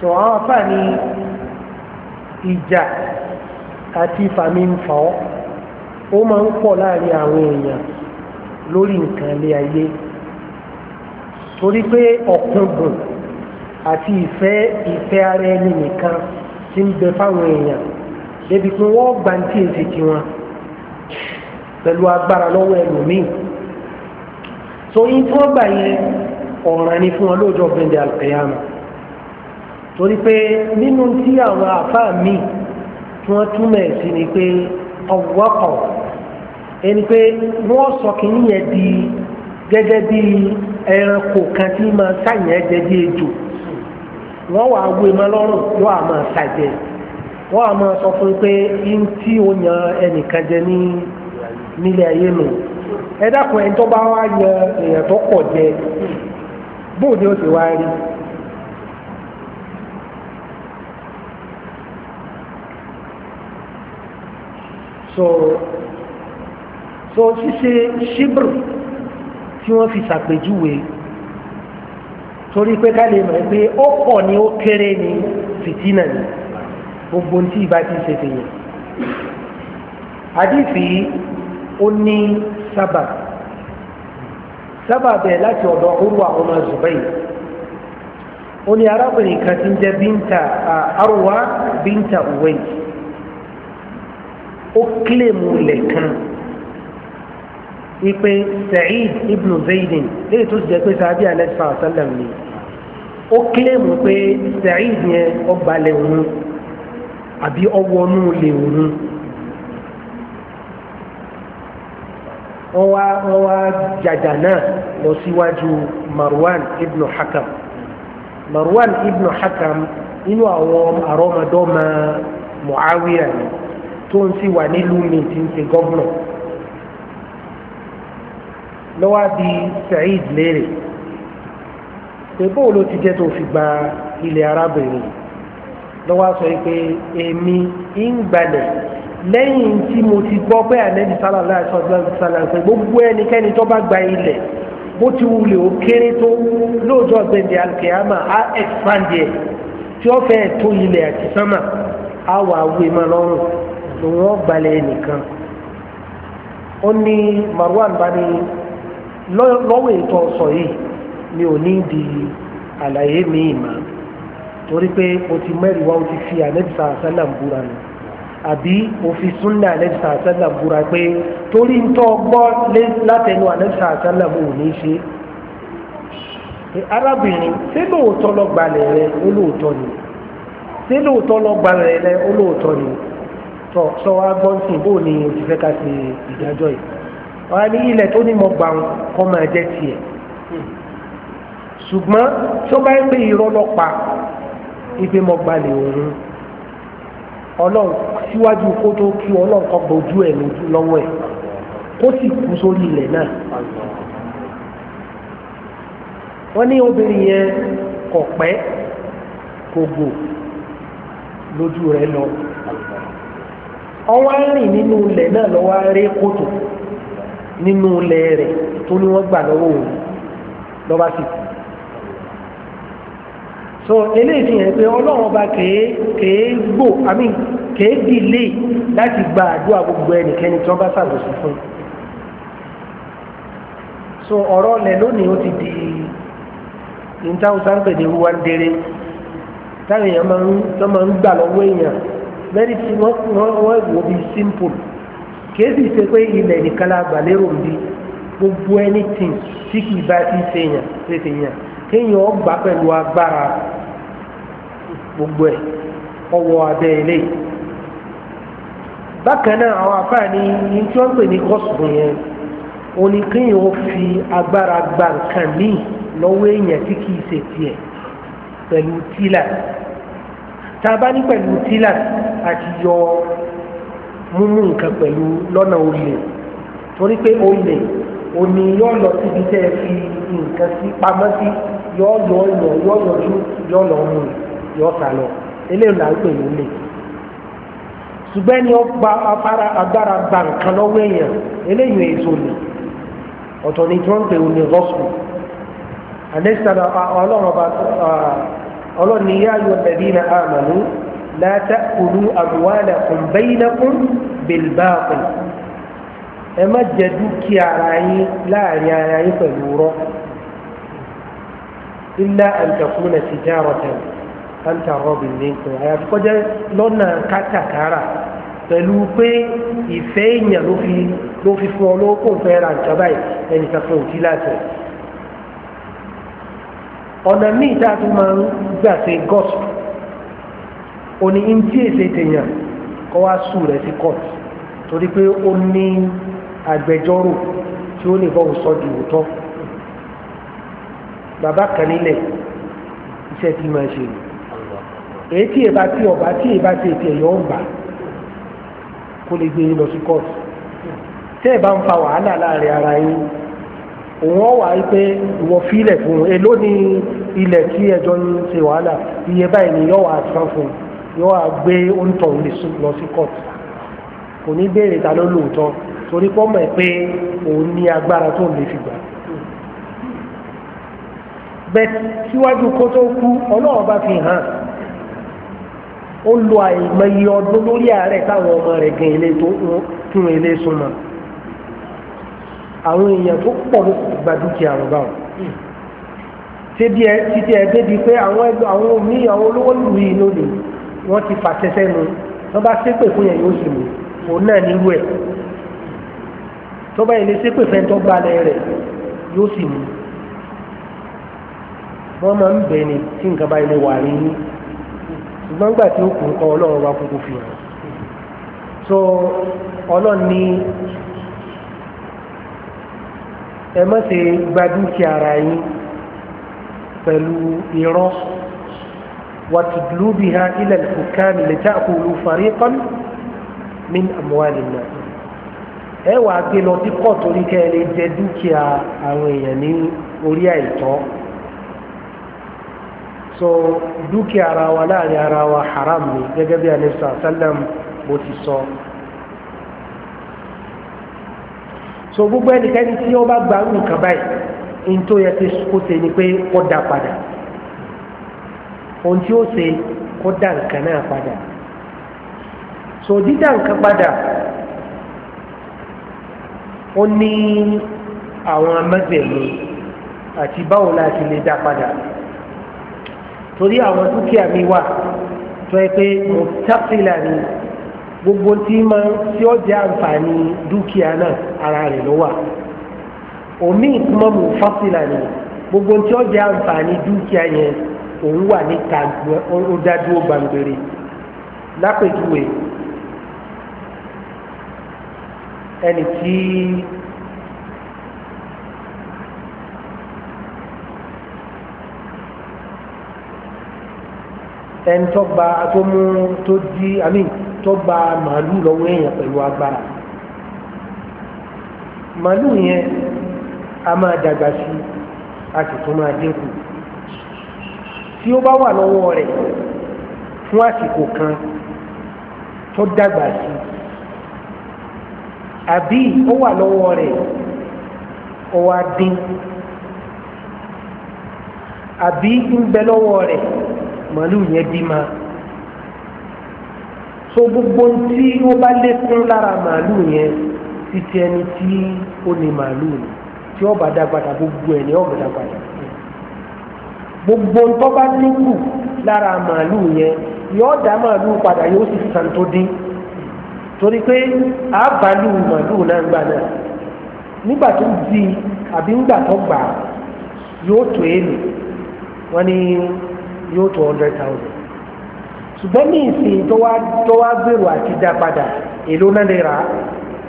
so àwọn afáàní ìjà àti fàmí ń fà ọ́ ó máa ń pọ̀ láàrin àwọn èèyàn lórí nǹkan ilé ayé torí pé ọ̀kúngùn àti ìfẹ́ ìfẹ́ ara ẹni nìkan ti ń bẹ fáwọn èèyàn débi pé wọ́n gbà ń tí èsì tiwọn pẹ̀lú agbára lọ́wọ́ ẹlòmíì so yín tí wọ́n gbà yẹn ọ̀ràn ni fún wọn lóòjọ́ gbẹ̀ndẹ̀ àlùkẹ́yàmù torí pé nínú tí àwọn àfáà míì tí wọ́n túmọ̀ ẹ̀ sí ni pé ọ̀wọ́kọ̀ ẹni pé wọ́n sọ kìíní yẹn di gẹ́gẹ́ bí ẹranko kan tí máa ṣàyàn ẹ̀jẹ̀ bí ejò wọ́n wà á wé ma lọ́rùn wọ́n á máa ṣàjẹ́ wọ́n á máa sọ fún pé n tí ó yan ẹnìkan jẹ ní nílé ayé nù ẹ dákun ẹni tó bá wá yan èèyàn tó pọ̀ jẹ bóun ni ó ti wá rí so so ṣíṣe ṣíbrù tí wọ́n fi ṣàpèjúwe torí pé ká lè mọ̀ pé ó pọ̀ ni ó kéré ni fìtínà ni gbogbo tí ìbá ti ṣe fèyàn àdìsí ó ní sábà sábà bẹ̀ láti ọ̀dọ̀ Urwa ọmọ Zubayr ó ní arábìnrin kan tí ń jẹ́ bíńtà Arwa bíńtà Uwais ó kílèmù ilẹ̀ kan ipe Sa'id ibn Zaydin léyìí tó ti jẹ́ pé sábì anẹ́sà ọ̀sálàm ni ó kílèmù pé Sa'id yẹn ọgbà lẹ̀ òun àbí ọwọ́nú lè òun. wọ́n wá wọ́n wá jàjà náà lọ síwájú Marwan ibn Hakam Marwan ibn Hakam inú àwọn àrọ́mọdọ́mọ Muawiya ni tó ń sì wà nílùú mi ti ń ṣe gọ́vnọ̀ lọ́wọ́ bí Saheed léèrè pé bóò ló ti jẹ́ tó fi gba ilẹ̀ arábìnrin lọ́wọ́ sọ pé èmi ń gbalẹ̀ lẹ́yìn tí mo ti gbọ́ pé ànẹ́bí sálàlá sálàlá pé gbogbo ẹnikẹ́ni tó bá gba ilẹ̀ bó ti wulẹ̀ ó kéré tó lóòjọ́ gbẹ̀ndẹ̀ alkiyama á expand ẹ̀ tí ó fẹ́ tó ilẹ̀ àti sánmà á wà wé ma lọ́rùn lòun ó gbalẹ̀ nìkan ó ní Marwan bá ní lọ́wọ́ ètò ọ̀sọ̀ yìí mi ò ní di àlàyé míì mà torí pé o ti mẹ́rin wá o ti fi ànẹ́bísà àṣálà ń búra nù àbí o fi súnà ànẹ́bísà àṣálà ń búra pé torí ń tọ́ gbọ́ látẹnu ànẹ́bísà àṣálà mo ò ní ṣe arábìnrin ṣé lóòótọ́ lọ rẹ ó ni ṣé lóòótọ́ lọ gbalẹ̀ rẹ ó ni sọ sọ wá gbọ́ sí bó ni òṣìṣẹ́ ká ṣe ìdájọ́ yìí wọ́n á ní ilẹ̀ tó ní mo gbà ń kọ́ máa jẹ́ tiẹ̀ ṣùgbọ́n tó bá ń pè irọ́ lọ́pàá ibi mo gbalẹ̀ òun ọlọ́run síwájú kó tó kí ọlọ́run kan gbojú ẹ̀ lójú lọ́wọ́ ẹ̀ kó sì kú sórí ilẹ̀ náà wọ́n ní obìnrin yẹn kò kò gbò lójú rẹ̀ lọ. ọwọ́ rìn nínú ilẹ̀ náà lọ́wọ́ rí kòtò nínú ilẹ̀ rẹ̀ tó ní wọ́n gbà lọ́wọ́ òun lọ́ba sí so eléyìí fi hàn pé ọlọ́run ọba kèé kèé gbò àmì kèé dìlé láti gba àdúrà gbogbo ẹnikẹ́ni tí wọ́n so ọ̀rọ̀ lónìí ó ti di ń táwọn èèyàn lẹ́ni tí wọ́n wò bí simple kéèsì ṣe pé ilẹ̀ nìkan la gbà lérò ń bí gbogbo anything tí kì í bá ti ṣe yàn tètè yàn kéèyàn ó gbà pẹ̀lú agbára gbogbo ẹ̀ ọwọ́ abẹ́ ilé bákan náà àwọn afáàní ní tí wọ́n pè ní gọ́sùn yẹn òní kéèyàn ó fi agbára gba nǹkan míì lọ́wọ́ èèyàn tí kì í ṣe tiẹ̀ pẹ̀lú tílà tàbá ní pẹ̀lú tílàs àti yọ múmú nǹkan pẹ̀lú lọ́nà olè torí pé olè òní yóò lọ síbi tẹ́ ẹ fi nǹkan sí pamọ́ sí yóò lọ yọ yóò yọjú yóò lọ mú yóò sá lọ eléyìí là ń pè lólè ṣùgbọ́n ẹni ọgbà afárá agbára gba nǹkan lọ́wọ́ èèyàn eléyìí èso lè ọ̀tọ̀ ni tí wọ́n ń pè òní rọ́ṣù àdéṣàdà ọlọ́run ọba ọlọ́ni yá ayọ̀ ẹ̀bí na àmàlú láta kùlú àmúwálà kùn bẹ́ẹ̀nàkùn bilbaakùn ẹ má jẹ dúkìá ara yín láàrin ara yín pẹ̀lú rọ́ ilá àǹtàkùnà ti já ọ̀tẹ̀ àǹtàrọ̀ bìnnìkan àyàfi kọjá lọ́nà kátàkárà pẹ̀lú pé ìfẹ́ èèyàn ló fi fún ọ lọ́wọ́ kó fẹ́ ra nǹkan báyìí ẹnìkan fún òtí láti ẹ̀ ọ̀nà míì tá a tún máa ń gbà ṣe gọ́ọ̀sù òní ń tí èsè tèèyàn kọ́ wá sùn rẹ̀ sí court torí pé ó ní agbẹjọ́rò tí ó lè bọ́ sọ di òótọ́ bàbá kan nílẹ̀ iṣẹ́ tí máa ṣe èyí tí èbá tí ọba tí èbá tí ètì ẹ̀yọ́ ń bà kó lè gbé yín lọ sí court tẹ́ ẹ̀ bá ń fa wàhálà láàrin ara yín òun wà á pé ìwọ fílẹ̀ fún un èló ni ilẹ̀ tí ẹjọ́ ń ṣe wàhálà iye báyìí ni yóò wà á san fún un yóò wà á gbé oúntọ̀ lè lọ sí kóòtù kò ní béèrè ta ló lóòótọ́ torí pọ́ mọ̀ pé òun ní agbára tó lè fi gbà. bẹ́ẹ̀ síwájú kó tó kú ọlọ́run bá fi hàn ó lo àìmọye ọdún lórí àárẹ̀ táwọn ọmọ rẹ̀ gan ilé tó ń ilé súnmọ́ àwọn èèyàn tó pọ̀ ló ti gba dúkìá wọn báwọn títí ẹ títí ẹ débi pé àwọn ẹgbẹ́ àwọn omi àwọn olówó lùú yìí lónìí wọ́n ti fàṣẹṣẹ nu wọ́n bá ṣépè fún yẹn yóò sì mú òun náà nírú ẹ̀ tó bá yẹn lè ṣépè fẹ́ tó gbalẹ̀ rẹ̀ yóò sì mú wọ́n máa ń bẹ̀ ni tí nǹkan bá ilé wà rí ní ṣùgbọ́n gbà tí ó kù ń kọ́ ọlọ́run wá kúkú fi hàn so ọlọ́run ní ẹ má ṣe gba dúkìá ara yín pẹ̀lú irọ́ wàtúdúlù bí ha ilẹ̀ ìfúkàmì lè tá àkóòlù fariqan min amwali nas ẹ wà á gbé lọ sí kóòtù orí ẹ lè jẹ dúkìá àwọn èèyàn ní orí àìtọ́ so dúkìá ara wa láàrin ara wa haram ni gẹ́gẹ́ bí anisa sallam bó ti sọ. So, so gbogbo ẹnikẹ́ni tí ó bá gba nǹkan báyìí nítorí ẹ ti kó ṣe ni pé kó da padà ohun tí ó ṣe kó dá nǹkan náà padà so dídá nǹkan padà ó ní àwọn amẹ́gbẹ̀mú àti báwo la ti lè dá padà torí àwọn dúkìá mi wà tó yẹ pé mo tápìlà ni gbogbo tí ma tí ó jẹ́ àǹfààní dúkìá náà ara rẹ̀ ló wà omi ìkúmọ̀ mú fásitì ni gbogbo tí ó jẹ́ àǹfààní dúkìá yẹn òun wà níta ó dádúró gbàngbèrè lápèjúwe ẹni tí ẹni tó gba tó mú tó di àmì. I mean, tó gba màálù lọ́wọ́ èèyàn pẹ̀lú agbára màálù yẹn a máa dàgbà sí a sì tún máa dínkù tí ó bá wà lọ́wọ́ rẹ̀ fún àsìkò kan tó dàgbà sí àbí ó wà lọ́wọ́ rẹ̀ ó wá dín àbí ń bẹ lọ́wọ́ rẹ̀ màálù yẹn bí máa. so gbogbo tí ó bá lékún lára màálù yẹn títí ẹni tí ó ní màálù ni tí ó bá dàgbàdà gbogbo ẹ̀ ní ó bá dàgbàdà gbogbo tó bá dínkù lára màálù yẹn yóò dá màálù padà yóò sì san tó dín torí pé àbálù màálù náà gbà náà nígbà tó di àbí ńgbà tó gbà yóò tó èlò wọn ni yóò tó hundred thousand ṣùgbọ́n ní ìsìn tó wá tó wá gbèrò àti dá padà èló náà lè rà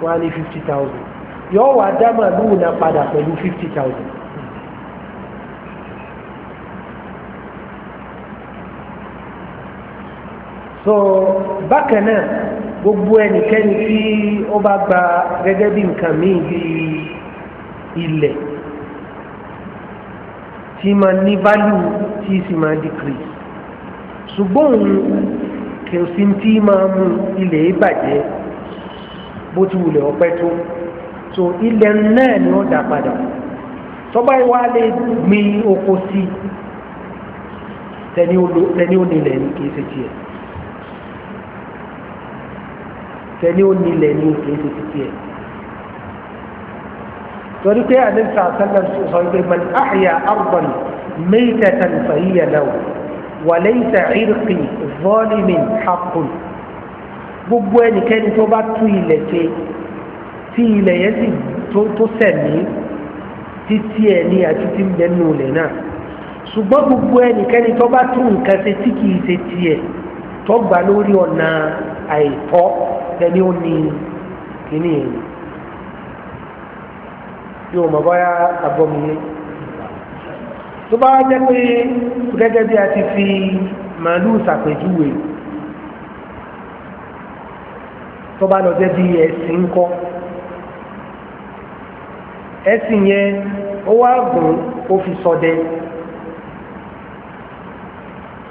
wá ní fifty thousand yóò wá dá màlúù náà padà pẹ̀lú fifty so bákan náà gbogbo ẹnikẹ́ni tí ó bá gba gẹ́gẹ́ bí nǹkan míì bí ilẹ̀ tí máa ní value tí sì máa decrease ṣùgbọ́n kò sí tí máa mú ilẹ̀ ìbàjẹ́ bó ti wulẹ̀ ọpẹ́ tó so ilẹ̀ náà ni ó dá padà tọ́ba ìwà lè gbin oko sí tẹni ó nílẹ̀ ní kìí ṣe tiẹ̀ tẹni ó nílẹ̀ ní kìí ṣe tiẹ̀ torí pé àdéhùn sàṣẹ́lẹ̀ sọ pé man àrùbọ̀n mẹ́tẹ̀ẹ̀tẹ̀ fàyíyà náà وليس عرقي ظالم حق gbogbo ẹnikẹ́ni tó bá tú ilẹ̀ ṣe tí ilẹ̀ yẹn sì tó sẹ̀mí títí ẹ̀ ní àti tí ń bẹ nù ilẹ̀ náà ṣùgbọ́n gbogbo ẹnikẹ́ni tó bá tú nǹkan ṣe tí kìí ṣe tiẹ̀ tó gbà lórí ọ̀nà àìtọ́ ẹni ó ní kíní yẹn yóò mọ̀ bọ́yá abọ́mi yẹn tó bá jẹ́ pé gẹ́gẹ́ bí a ti fi màálù ṣàpèjúwe tó bá lọ jẹ́ bí ẹ̀sìn kọ́ ẹ̀sìn yẹn ó wá gùn ó fi sọdẹ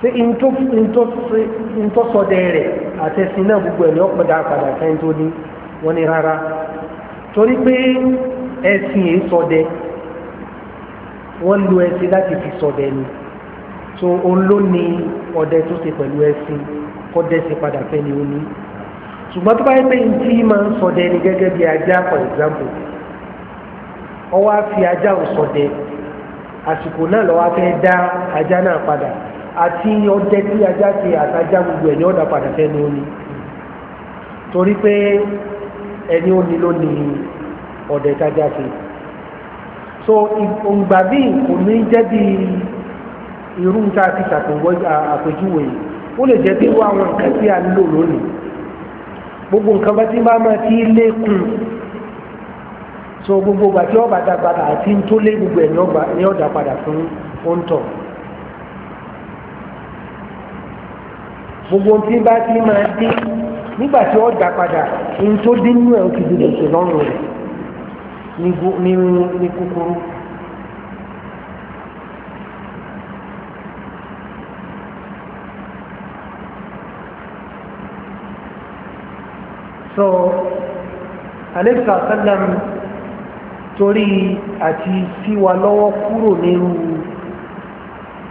ṣé ìntọ́sọdẹ rẹ̀ àtẹ̀sìn náà gbogbo ẹ̀ ní ọ̀pọ̀dà padà fẹ́ tó ní wọ́n ní rárá torí pé ẹ̀sìn èé sọdẹ. So wọ́n lu ẹṣin láti fi sọdẹ ni so òun ló ní ọdẹ tó ṣe pẹ̀lú ẹṣin kó dẹ́sí padà fẹ́ni ó ní ṣùgbọ́n tó bá yẹ pé ntí máa ń sọdẹ ni gẹ́gẹ́ bí ajá for example ó wá fi ajá ò sọdẹ àsìkò náà lọ́wọ́ fẹ́ dá ajá náà padà àti ọdẹ tí ajá ti àtajá gbogbo ẹ̀ ní ọ̀dà padà fẹ́ni ó ní torí pé ẹni ó ní ló ní tájá fi so ìgbà bíi kò ní jẹ́ bíi irú tá a ti ṣàpèwọ́ àpèjúwe yìí ó lè jẹ́ bí wọ́n àwọn nǹkan tí a ń lónìí gbogbo nǹkan bá ti máa máa ti lékun so gbogbo ìgbà tí ọba dàgbàdà àti ń tó lé gbogbo ẹ̀ ní ọ̀dà padà fún oúntọ̀ gbogbo tí bá ti máa dín nígbà tí ọ̀dà padà ń tó dín nínú ẹ̀ ó ti di lòsè rẹ̀ ní kúkúrú. so alexa sallam torí àti síwa lọ́wọ́ kúrò nírú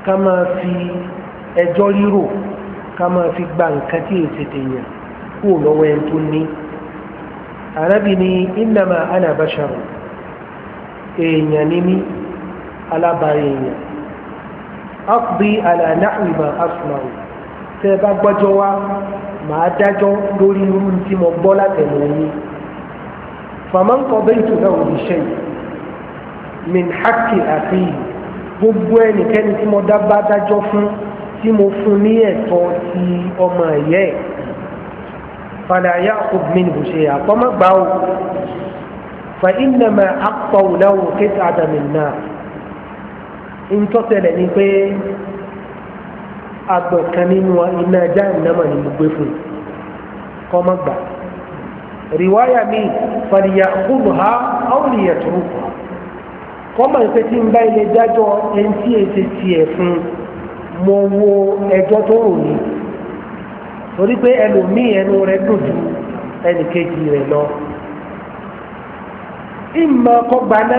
ká máa fi ẹjọ́ rírò ká máa fi gba nǹkan tí èsì tèèyàn kúrò lọ́wọ́ ẹni tó ní arábìnrin innama ana basharun èèyàn ní mí alábàáyèèyàn aqdi ala nahwi ma asma'u tẹ́ ẹ bá gbọ́jọ́ wá màá dájọ́ lórí irú tí mo gbọ́ látẹ̀lẹ̀ yín faman qadaytu lahu bi shay' min haqqi akhihi gbogbo ẹnikẹ́ni tí mo dá bá fún tí mo fún ní ẹ̀tọ́ ti ọmọ ẹ̀yẹ́ fala ya'khudh minhu shay'a àpọ́mọ́gbà o. فإنما أقطوا له قطعة من نار إن تتلني في أبكنين وإنا جهنم نمبفن قم أكبر رواية مين فليأخذها أو ليتركها kọ́mọ̀ ìpè tí ń bá ilé dájọ́ ẹni ẹjọ́ tó rò ní torí pé ẹlòmíì ẹnu rẹ̀ dùn ju ẹnì No. ìmọ̀ kọ́ gbaná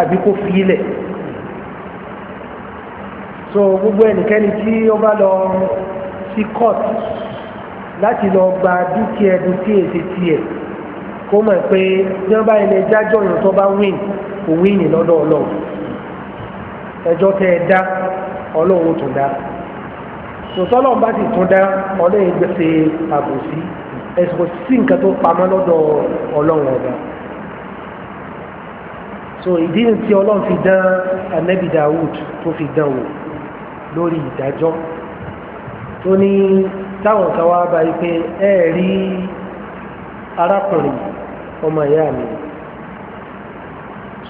àbí kó fi ilẹ̀ so gbogbo ẹnikẹ́ni tí ó bá lọ sí court láti lọ gba dúkìá dúkìá èsì tiẹ̀ kó mọ̀ pé jọba ilẹ̀ jájọ́ yẹn tó bá win kò win lọ́dọ̀ ọlọ́run ẹjọ́ tẹ́ ẹ dá ọlọ́run tó dá sọtọ́lọ́ bá ti tún dá ọlọ́run gbèsè àbòsí ẹ̀sùn sí nǹkan tó pamọ́ lọ́dọ̀ ọlọ́run ọ̀dà so ìdí ní tí ọlọ́run fi dán anabi Dawud tó fi dán wò lórí ìdájọ́ tó ní táwọn kan wá bá yí pé ẹ rí arákùnrin ọmọ ìyá mi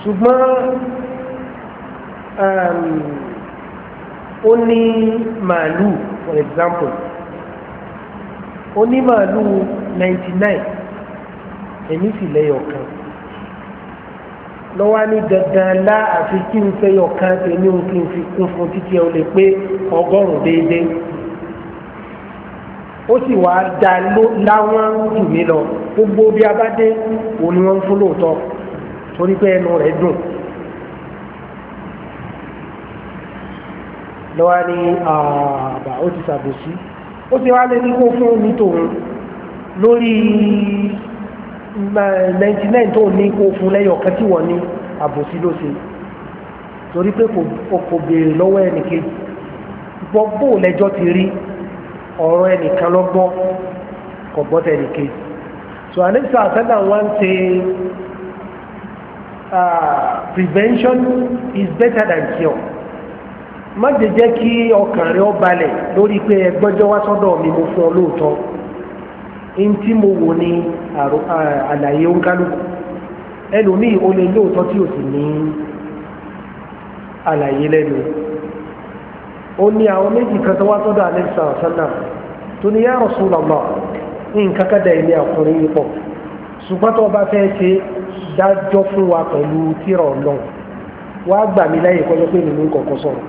ṣùgbọ́n ó ní màálù for example ó ní màálù ninety nine èmi sì lẹ́yọ̀ kan lọ́wọ́ ní dandan lá àfi kí n fẹ́ yọ̀kan tèmi òun kí n fi kún fún títí ẹ ò lè pé ọgọ́rùn-ún déédéé ó sì wá dá láwọn jù mí lọ gbogbo bí a bá dé òun ni wọ́n ń fún lóòótọ́ torí pé ẹnu rẹ̀ dùn. lọ́wọ́ ní àbà ó ti ṣàbòsí ó sì wá lé ní kó fún mi tòun lórí ninety nine tó ní kó fún lẹ́yọ̀ kan tí wọ́n ní àbòsí ló ṣe torí pé kò béèrè lọ́wọ́ ẹnìkejì gbogbo lẹ́jọ́ ti rí ọ̀rọ̀ ẹnìkan lọ́gbọ́ kò gbọ́ tẹnìkejì so anisa asana wọn ṣe prevention is better than cure má jẹ́ jẹ́ kí ọkàn rẹ ọ balẹ̀ lórí pé ẹgbọ́njọ́ wá sọ́dọ̀ mi mo fún ọ lóòótọ́ ntí mo wò ni. àlàyé oníkálukú ẹlòmíì o lè lóòótọ́ tí o sì ní àlàyé lẹ́nu o ní àwọn méjì kan tó wá sọ́dọ̀ àlẹ́sà ọ̀sánà tó ní ya Rasulullah nǹkan kádà ilé ọkùnrin pọ̀ ṣùgbọ́n tó bá fẹ́ ṣe wa pẹ̀lú tírà gbà mí kọjọ pé nínú kọ̀ọ̀kan sọ̀rọ̀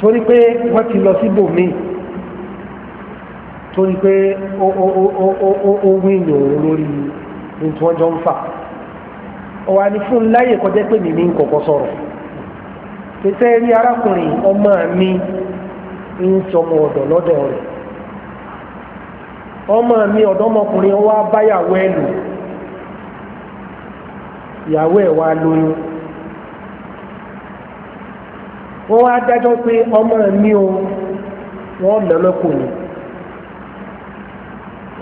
torí torí pé ó wíìnì òun lórí ní tí wọ́n jọ ń fà ọ̀wà ní fún láyè kọjá pé mi ní kọ̀kọ́ sọ̀rọ̀ ọmọ mi ń sọmọ ọ̀dọ̀ lọ́dọ̀ ọmọ mi ọ̀dọ́mọkùnrin wa báyàwó ẹ̀ lò ìyàwó ẹ̀ wá lóyún wọ́n wá dájọ́ ọmọ mi wọ́n lọ́lọ́kùnrin.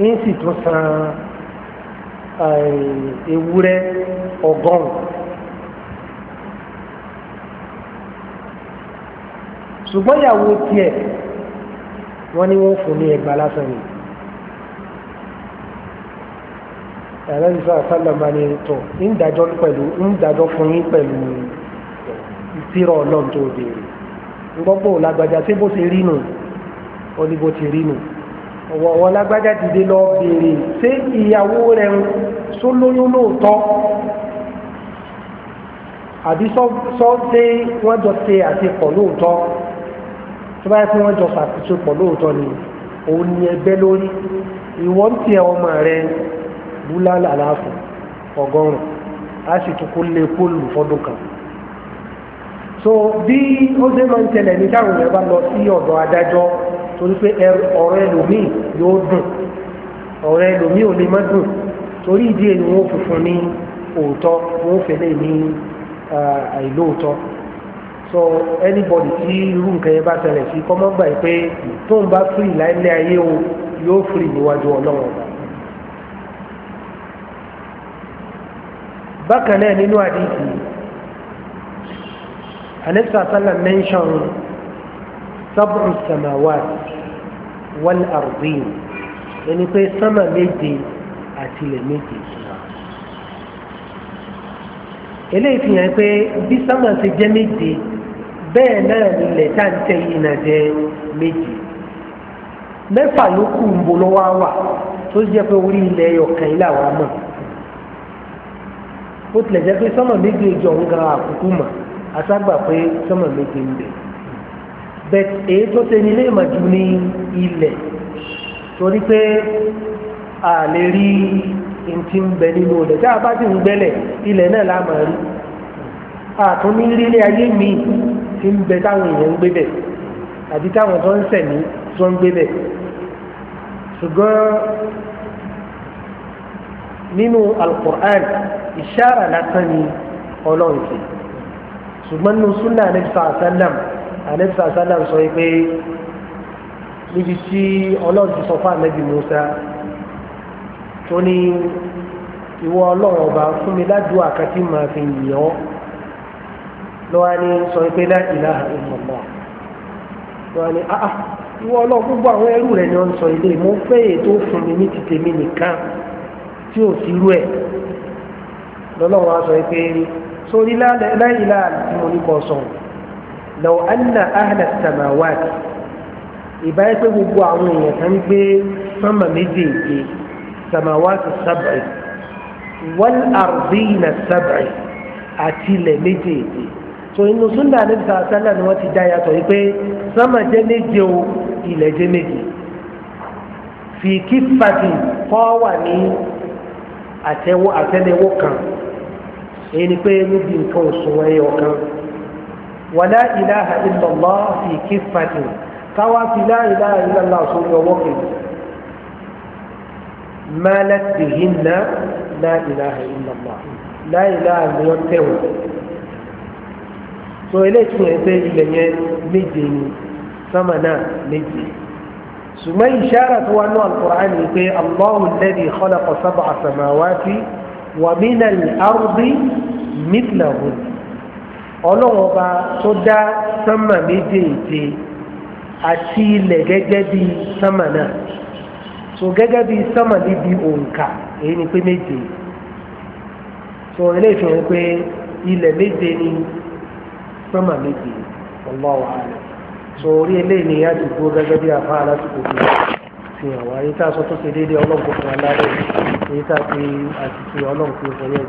ń sì tún san ewúrẹ́ ọgọ́rùn-ún. ṣùgbọ́n ìyàwó tiẹ̀ wọ́n ní wọ́n fún ní ẹgbà lásán ni ẹ̀rẹ́sì sọ àṣàlọ́mà ni tọ̀ ń dájọ́ pẹ̀lú ń dájọ́ fún yín pẹ̀lú ìtírọ̀ ọlọ́run tó béèrè ń gbọ́ pé òun lágbájá ṣé bó ṣe rí nù ó ní bó ti rí nù wọ̀wọ́ lágbájá dìde lọ béèrè ṣé ìyàwó rẹ̀ ń só lóyún lóòótọ́ àbí sọ pé wọ́n jọ ṣe àṣepọ̀ lóòótọ́ tó báyìí pé wọ́n jọ ṣàṣepọ̀ lóòótọ́ ni òun ni ẹgbẹ́ lórí ìwọ́n ti ẹ̀ ọmọ rẹ̀ búlálà láàfù ọgọ́rùn-ún a sì tún kó lé kóòlù fọ́dún kan so bí ó ṣe máa ń tẹ̀lẹ̀ ní táwọn èèyàn bá lọ sí ọ̀dọ̀ adájọ́ torí pé ọ̀rọ̀ ẹlòmíì yóò dùn ọ̀rọ̀ ẹlòmíì ò lè má dùn torí ìdí èyí wọn fi fún ní òótọ́ wọn fẹlẹ ní àìlóòótọ́ so anybody tí irú nǹkan yẹn bá ṣẹlẹ̀ sí kọ́mọ́ gbà pé tó ń bá firi láìlẹ̀ ayé o yóò firi níwájú ọlọ́run ọba. bákan náà nínú àdìsí anisa sallam mention sab'u samawati wal ardin ẹni pé sánmà méje àti ilẹ̀ méje. eléyìí fi hàn pé bí sánmà ṣe jẹ́ méje bẹ́ẹ̀ náà ilẹ̀ tá à ń tẹ̀ yìí náà jẹ́ méje mẹ́fà ló kù ń bolo wá wà tó jẹ́ pé orí ilẹ̀ ọ̀kan ilé àwọn mọ̀ ó tilẹ̀ jẹ́ pé sánmà méje jọ ń ga àkókò mọ̀ àtàgbà pé sánmà méje ń bẹ̀rẹ̀ bẹ́ẹ̀ èyí tó ṣe ní ilé ìmọ̀jú ní ilẹ̀ torí pé a lè rí ntí ń bẹ nínú rẹ̀ tí a bá ti ń gbẹ́lẹ̀ ilẹ̀ náà la máa rí àtún ní rí ilé ayé mi ti ń bẹ táwọn èèyàn ń gbé bẹ̀ àbí táwọn tó ń sẹ̀mí tó ń gbé bẹ̀ ṣùgbọ́n nínú alukur'an ìṣára lásán ni ọlọ́run ṣe ṣùgbọ́n nínú súnà nípa àṣálàmù ànẹ́bísà sálà sọ pé níbi tí ọlọ́run ti sọ fún ànẹ́bí Musa tó ní ìwọ ọlọ́run ọba fún mi ládùúgbò àkàtì máa fi yàn ọ́ lọ́wọ́ ni sọ pé la ilaha illallah lọ́wọ́ ni ah ah ìwọ ọlọ́run gbogbo àwọn ẹrú rẹ̀ ni wọ́n ń sọ ilé mo fẹ́ ètò fún mi ní ti tèmi nìkan tí ò sí irú ẹ̀ lọ́lọ́run á sọ pé sórí láìlá tí mo ní kọ́ sọ̀rọ̀. لو أن أهل السماوات ìbáyé pé gbogbo àwọn èèyàn kan gbé sánmà méjèèjì samawati sábàì wal ardina sábàì àti ilẹ̀ méjèèjì tó inú súnà níbi sàásánà ni wọ́n ti dá yàtọ̀ yìí pé sánmà jẹ́ méje o ilẹ̀ jẹ́ méje fi kífàtì kọ́ wà ní àtẹ́wọ́ àtẹ́lẹwọ́ kan èyí ni pé níbi nǹkan òṣùwọ̀n ẹyọ kan. wàlá ìlàhà ìlọ̀lọ́ fi kí fàtì káwá إله إلا الله sórí ọwọ́ kejì mẹ́lẹ̀ لا إله إلا الله láìláha ni wọ́n tẹ̀wọ̀n so eléyìí yẹn pé ilẹ̀ yẹn méje ni sámà náà méje ṣùgbọ́n ìṣára tó wà ní alukur'an ni pé allahu lẹ́bi khalaqa sab'a samawati wa minal ardi mithlahun. ọlọ́run ọba tó dá sánmà méjèèje àti ilẹ̀ gẹ́gẹ́ bí sánmà náà so gẹ́gẹ́ bí sánmà níbi òǹkà èyí ni pé méje so eléyìí fi pé ilẹ̀ méje ni sánmà méje ọlọ́wọ́ àlẹ́ so orí eléyìí ni yáa gẹ́gẹ́ bí afá alásìkò bí fi hàn wá èyí tá a sọ tó déédéé ọlọ́run kò fún wa èyí tá a fi àti ọlọ́run fún yẹn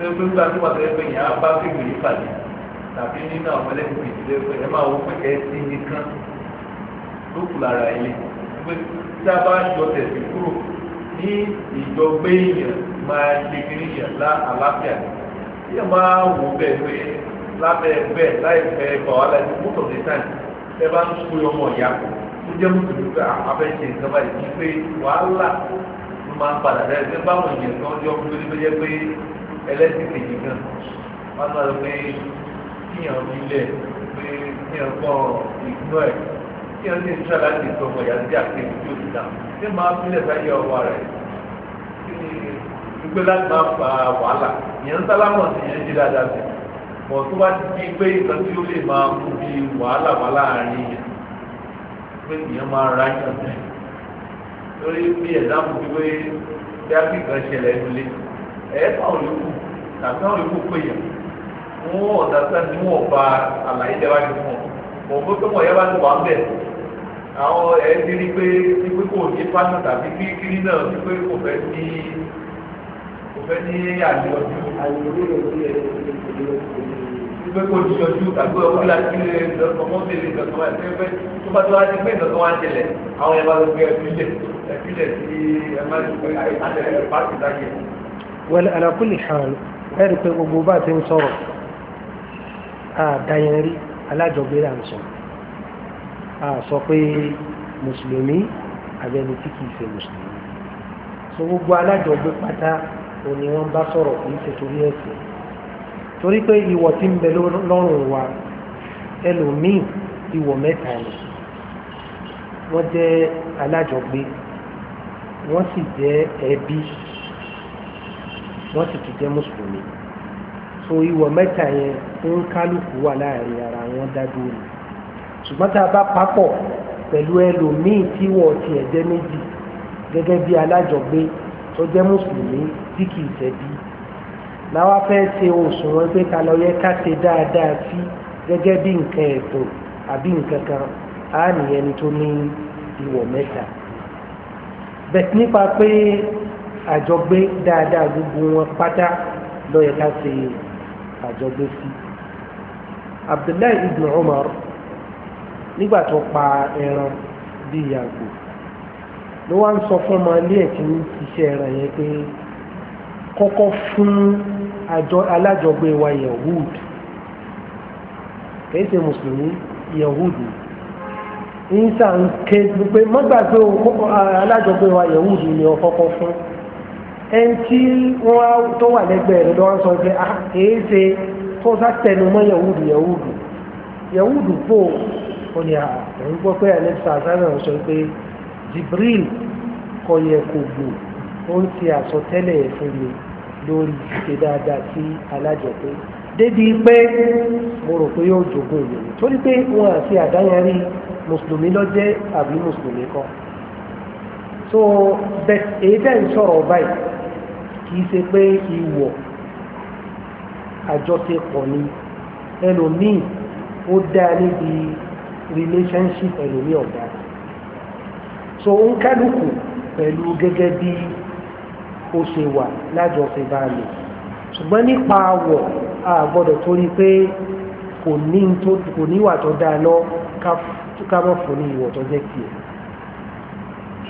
ẹgbẹ́ gba tó wà lẹ́gbẹ́ yẹn á bá fíìmù yìí pàdé tàbí nínú àwọn ẹlẹ́gbẹ́ yìí lẹ́gbẹ́ ẹ máa wọ pé ẹ ti nìkan tó kù lára ilé pé tí a bá yọ tẹ̀sí kúrò ní ìjọgbé yẹn máa ṣe kiri yẹn lá àlàáfíà yẹn máa wò bẹ́ẹ̀ pé lábẹ́ bẹ́ẹ̀ láì fẹ́ bá wa láti most of the time ẹ bá ń kó ọmọ ìyá kó tó jẹ́ mùsùlùmí ẹlẹ́sìn kejì gan wọ́n sọ pé kíyàn nílẹ̀ pé kíyàn kọ́ ìgbọ́ ẹ̀ kíyàn sì ń sọ láti sọ ọmọ ìyá sí àkejì tó ti ṣé máa fílẹ̀ sáyé ọwọ́ rẹ̀ kí ni ìgbé láti máa fa wàhálà ìyẹn ń sálámọ̀ sí ìyẹn jí dáadáa sí bọ̀ tó bá ti di pé ìtàn tí ó lè máa mú bí wàhálà wà láàrin yẹn pé ìyẹn máa ra yàn jẹ́ lórí bí ẹ̀dá mú bí pé bí a kì kan ṣẹlẹ̀ nílé ẹ̀ẹ́fà ò ló tàbí wọn lè kó pé yẹn wọn ò dàtà ba àlàyé ìjọba ti fún ọ mọ pé wọn yẹ bá ti wà ń bẹ àwọn ẹ ti rí pé pípé kò ní pásítọ̀ tàbí kíkiri náà pípé kò fẹ́ ní kò fẹ́ ní àyọjú pípé kò ní yọjú tàbí ọkùnrin láti lè lọ́sọ̀ mọ́ tẹ̀lé lọ́sọ̀ wá pé pé tó bá tó wá ti pé lọ́sọ̀ wá ń tẹ̀lẹ̀ àwọn yẹn bá lọ gbé ẹbí lẹ̀ ẹbí lẹ̀ sí ẹ má ti àtẹ̀lẹ̀ pásítọ̀ yẹn. wẹ́lẹ̀ alákùnrin hàn ẹ̀rí pé gbogbo bá ti ń sọ̀rọ̀ àdáyẹnrí alájọgbé là ń sọ a sọ pé mùsùlùmí abẹni tí kìí ṣe mùsùlùmí so gbogbo alájọgbé pátá òní wọn bá sọ̀rọ̀ kìí ṣe torí ẹ̀sìn torí pé ìwọ̀ tí ń bẹ lọ́rùn wa ẹlòmíì ìwọ̀ mẹ́ta ni wọ́n jẹ́ alájọgbé wọ́n sì jẹ́ ẹbí wọ́n sì ti jẹ́ mùsùlùmí so ìwọ̀ mẹ́ta yẹn ń kálukú wà láàrin ara wọn dájú ni ṣùgbọ́n tá a bá papọ̀ pẹ̀lú ẹlòmíì tí wọ́n ti ẹ̀jẹ̀ méjì gẹ́gẹ́ bí alájọgbé tó jẹ́ mùsùlùmí tí kì í ṣẹ̀bi láwa fẹ́ ṣe òṣùwọ̀n pé ta lọ yẹ ká ṣe dáadáa sí gẹ́gẹ́ bí nǹkan ẹ̀tọ́ àbí nǹkan kan á nìyẹn ni tó ní ìwọ̀ mẹ́ta bẹ̀t nípa pé àjọgbé dáadáa gbogbo wọn pátá lọ́yẹ ká ṣe àjọgbé sí. Abdullahi ibn Umar nígbà tó pa ẹran bí ìyàgò ló wá ń sọ fún ọmọ ilé ẹ̀ tí ń ṣiṣẹ́ ẹran yẹn pé kọ́kọ́ fún alájọgbé wa Yahud kìí ṣe mùsùlùmí Yahud ń sàn ké mọ́gbàgbé alájọgbé wa Yahud ni ọ kọ́kọ́ fún ẹnití wọ́n tó wà lẹ́gbẹ̀ẹ́ rẹ̀ lọ́wọ́ sọ pé èé ah, ṣe tó sá tẹnu mọ́ yahudu yahudu yahudu fò ó ní àwọn ah, gbọ́ pé alexa sábà sọ pé Jibril kò yẹ kó gbò ó ń ti àsọtẹ́lẹ̀ fún mi lórí ṣe dáadáa sí alájọpé débi pé mo rò pé yóò jogún ìlú torí pé wọn àti àdáyẹrí mùsùlùmí ló jẹ́ àbí mùsùlùmí kọ́ so bẹ́ẹ̀ èyí tẹ́ ń sọ̀rọ̀ báyìí kìí ṣe pé ìwọ̀ àjọṣepọ̀ ni ẹlòmíì ó dá níbi relationship ẹlòmíì ọ̀gá so ó ń kálukú pẹ̀lú gẹ́gẹ́ bí ó ṣe wà lájọṣe bá lò ṣùgbọ́n nípa àwọ̀ a gbọ́dọ̀ torí pé kò ní tó dáa lọ ká mọ̀ fún ní ìwọ̀ tó jẹ́ tiẹ̀.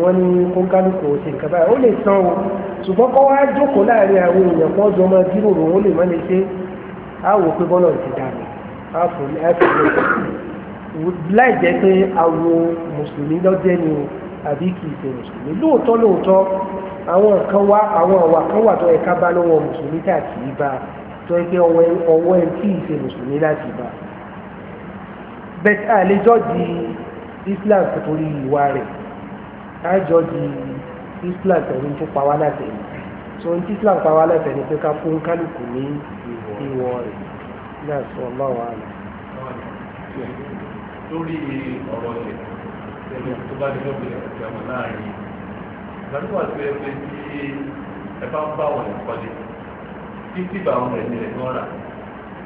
wọ́n ní kóńkálùkù ṣe nǹkan báyìí ó lè san o ṣùgbọ́n kọ́ wá jókòó láàrin àwọn èèyàn kan jọ máa jíròrò ó lè má lè ṣe á wò pé bọ́lọ̀ ti dà mí á fò ní àìsàn láì jẹ́ pé àwọn mùsùlùmí lọ́jẹ́ ni o àbí kì í ṣe mùsùlùmí lóòótọ́ lóòótọ́ àwọn nǹkan wá àwọn àwà kan wà tó ẹ̀ka bá lọ́wọ́ mùsùlùmí tà kì í bá tó yẹ pé ọwọ́ ẹ̀ kì í ṣe mùsùlùmí láti bá bẹ́ẹ̀ àlejò di Islam kò torí ìwà rẹ̀ àjọ di islam pẹ̀lú tó pa wá láti ẹ̀yìn so ní islam pa wá láti ẹ̀yìn pé ká fún kálukú ní ìwọ rẹ̀ náà sọ ọlọ́wọ́ àná. lórí ọ̀rọ̀ rẹ̀ ẹ̀yìn tó bá dẹ́gbẹ́ bẹ̀rẹ̀ àti ọmọ láàrin ìgbàlúwà tó yẹ pé tí ẹ bá ń bá wọn ìkọlé títí bá wọn rẹ̀ nílẹ̀ náà rà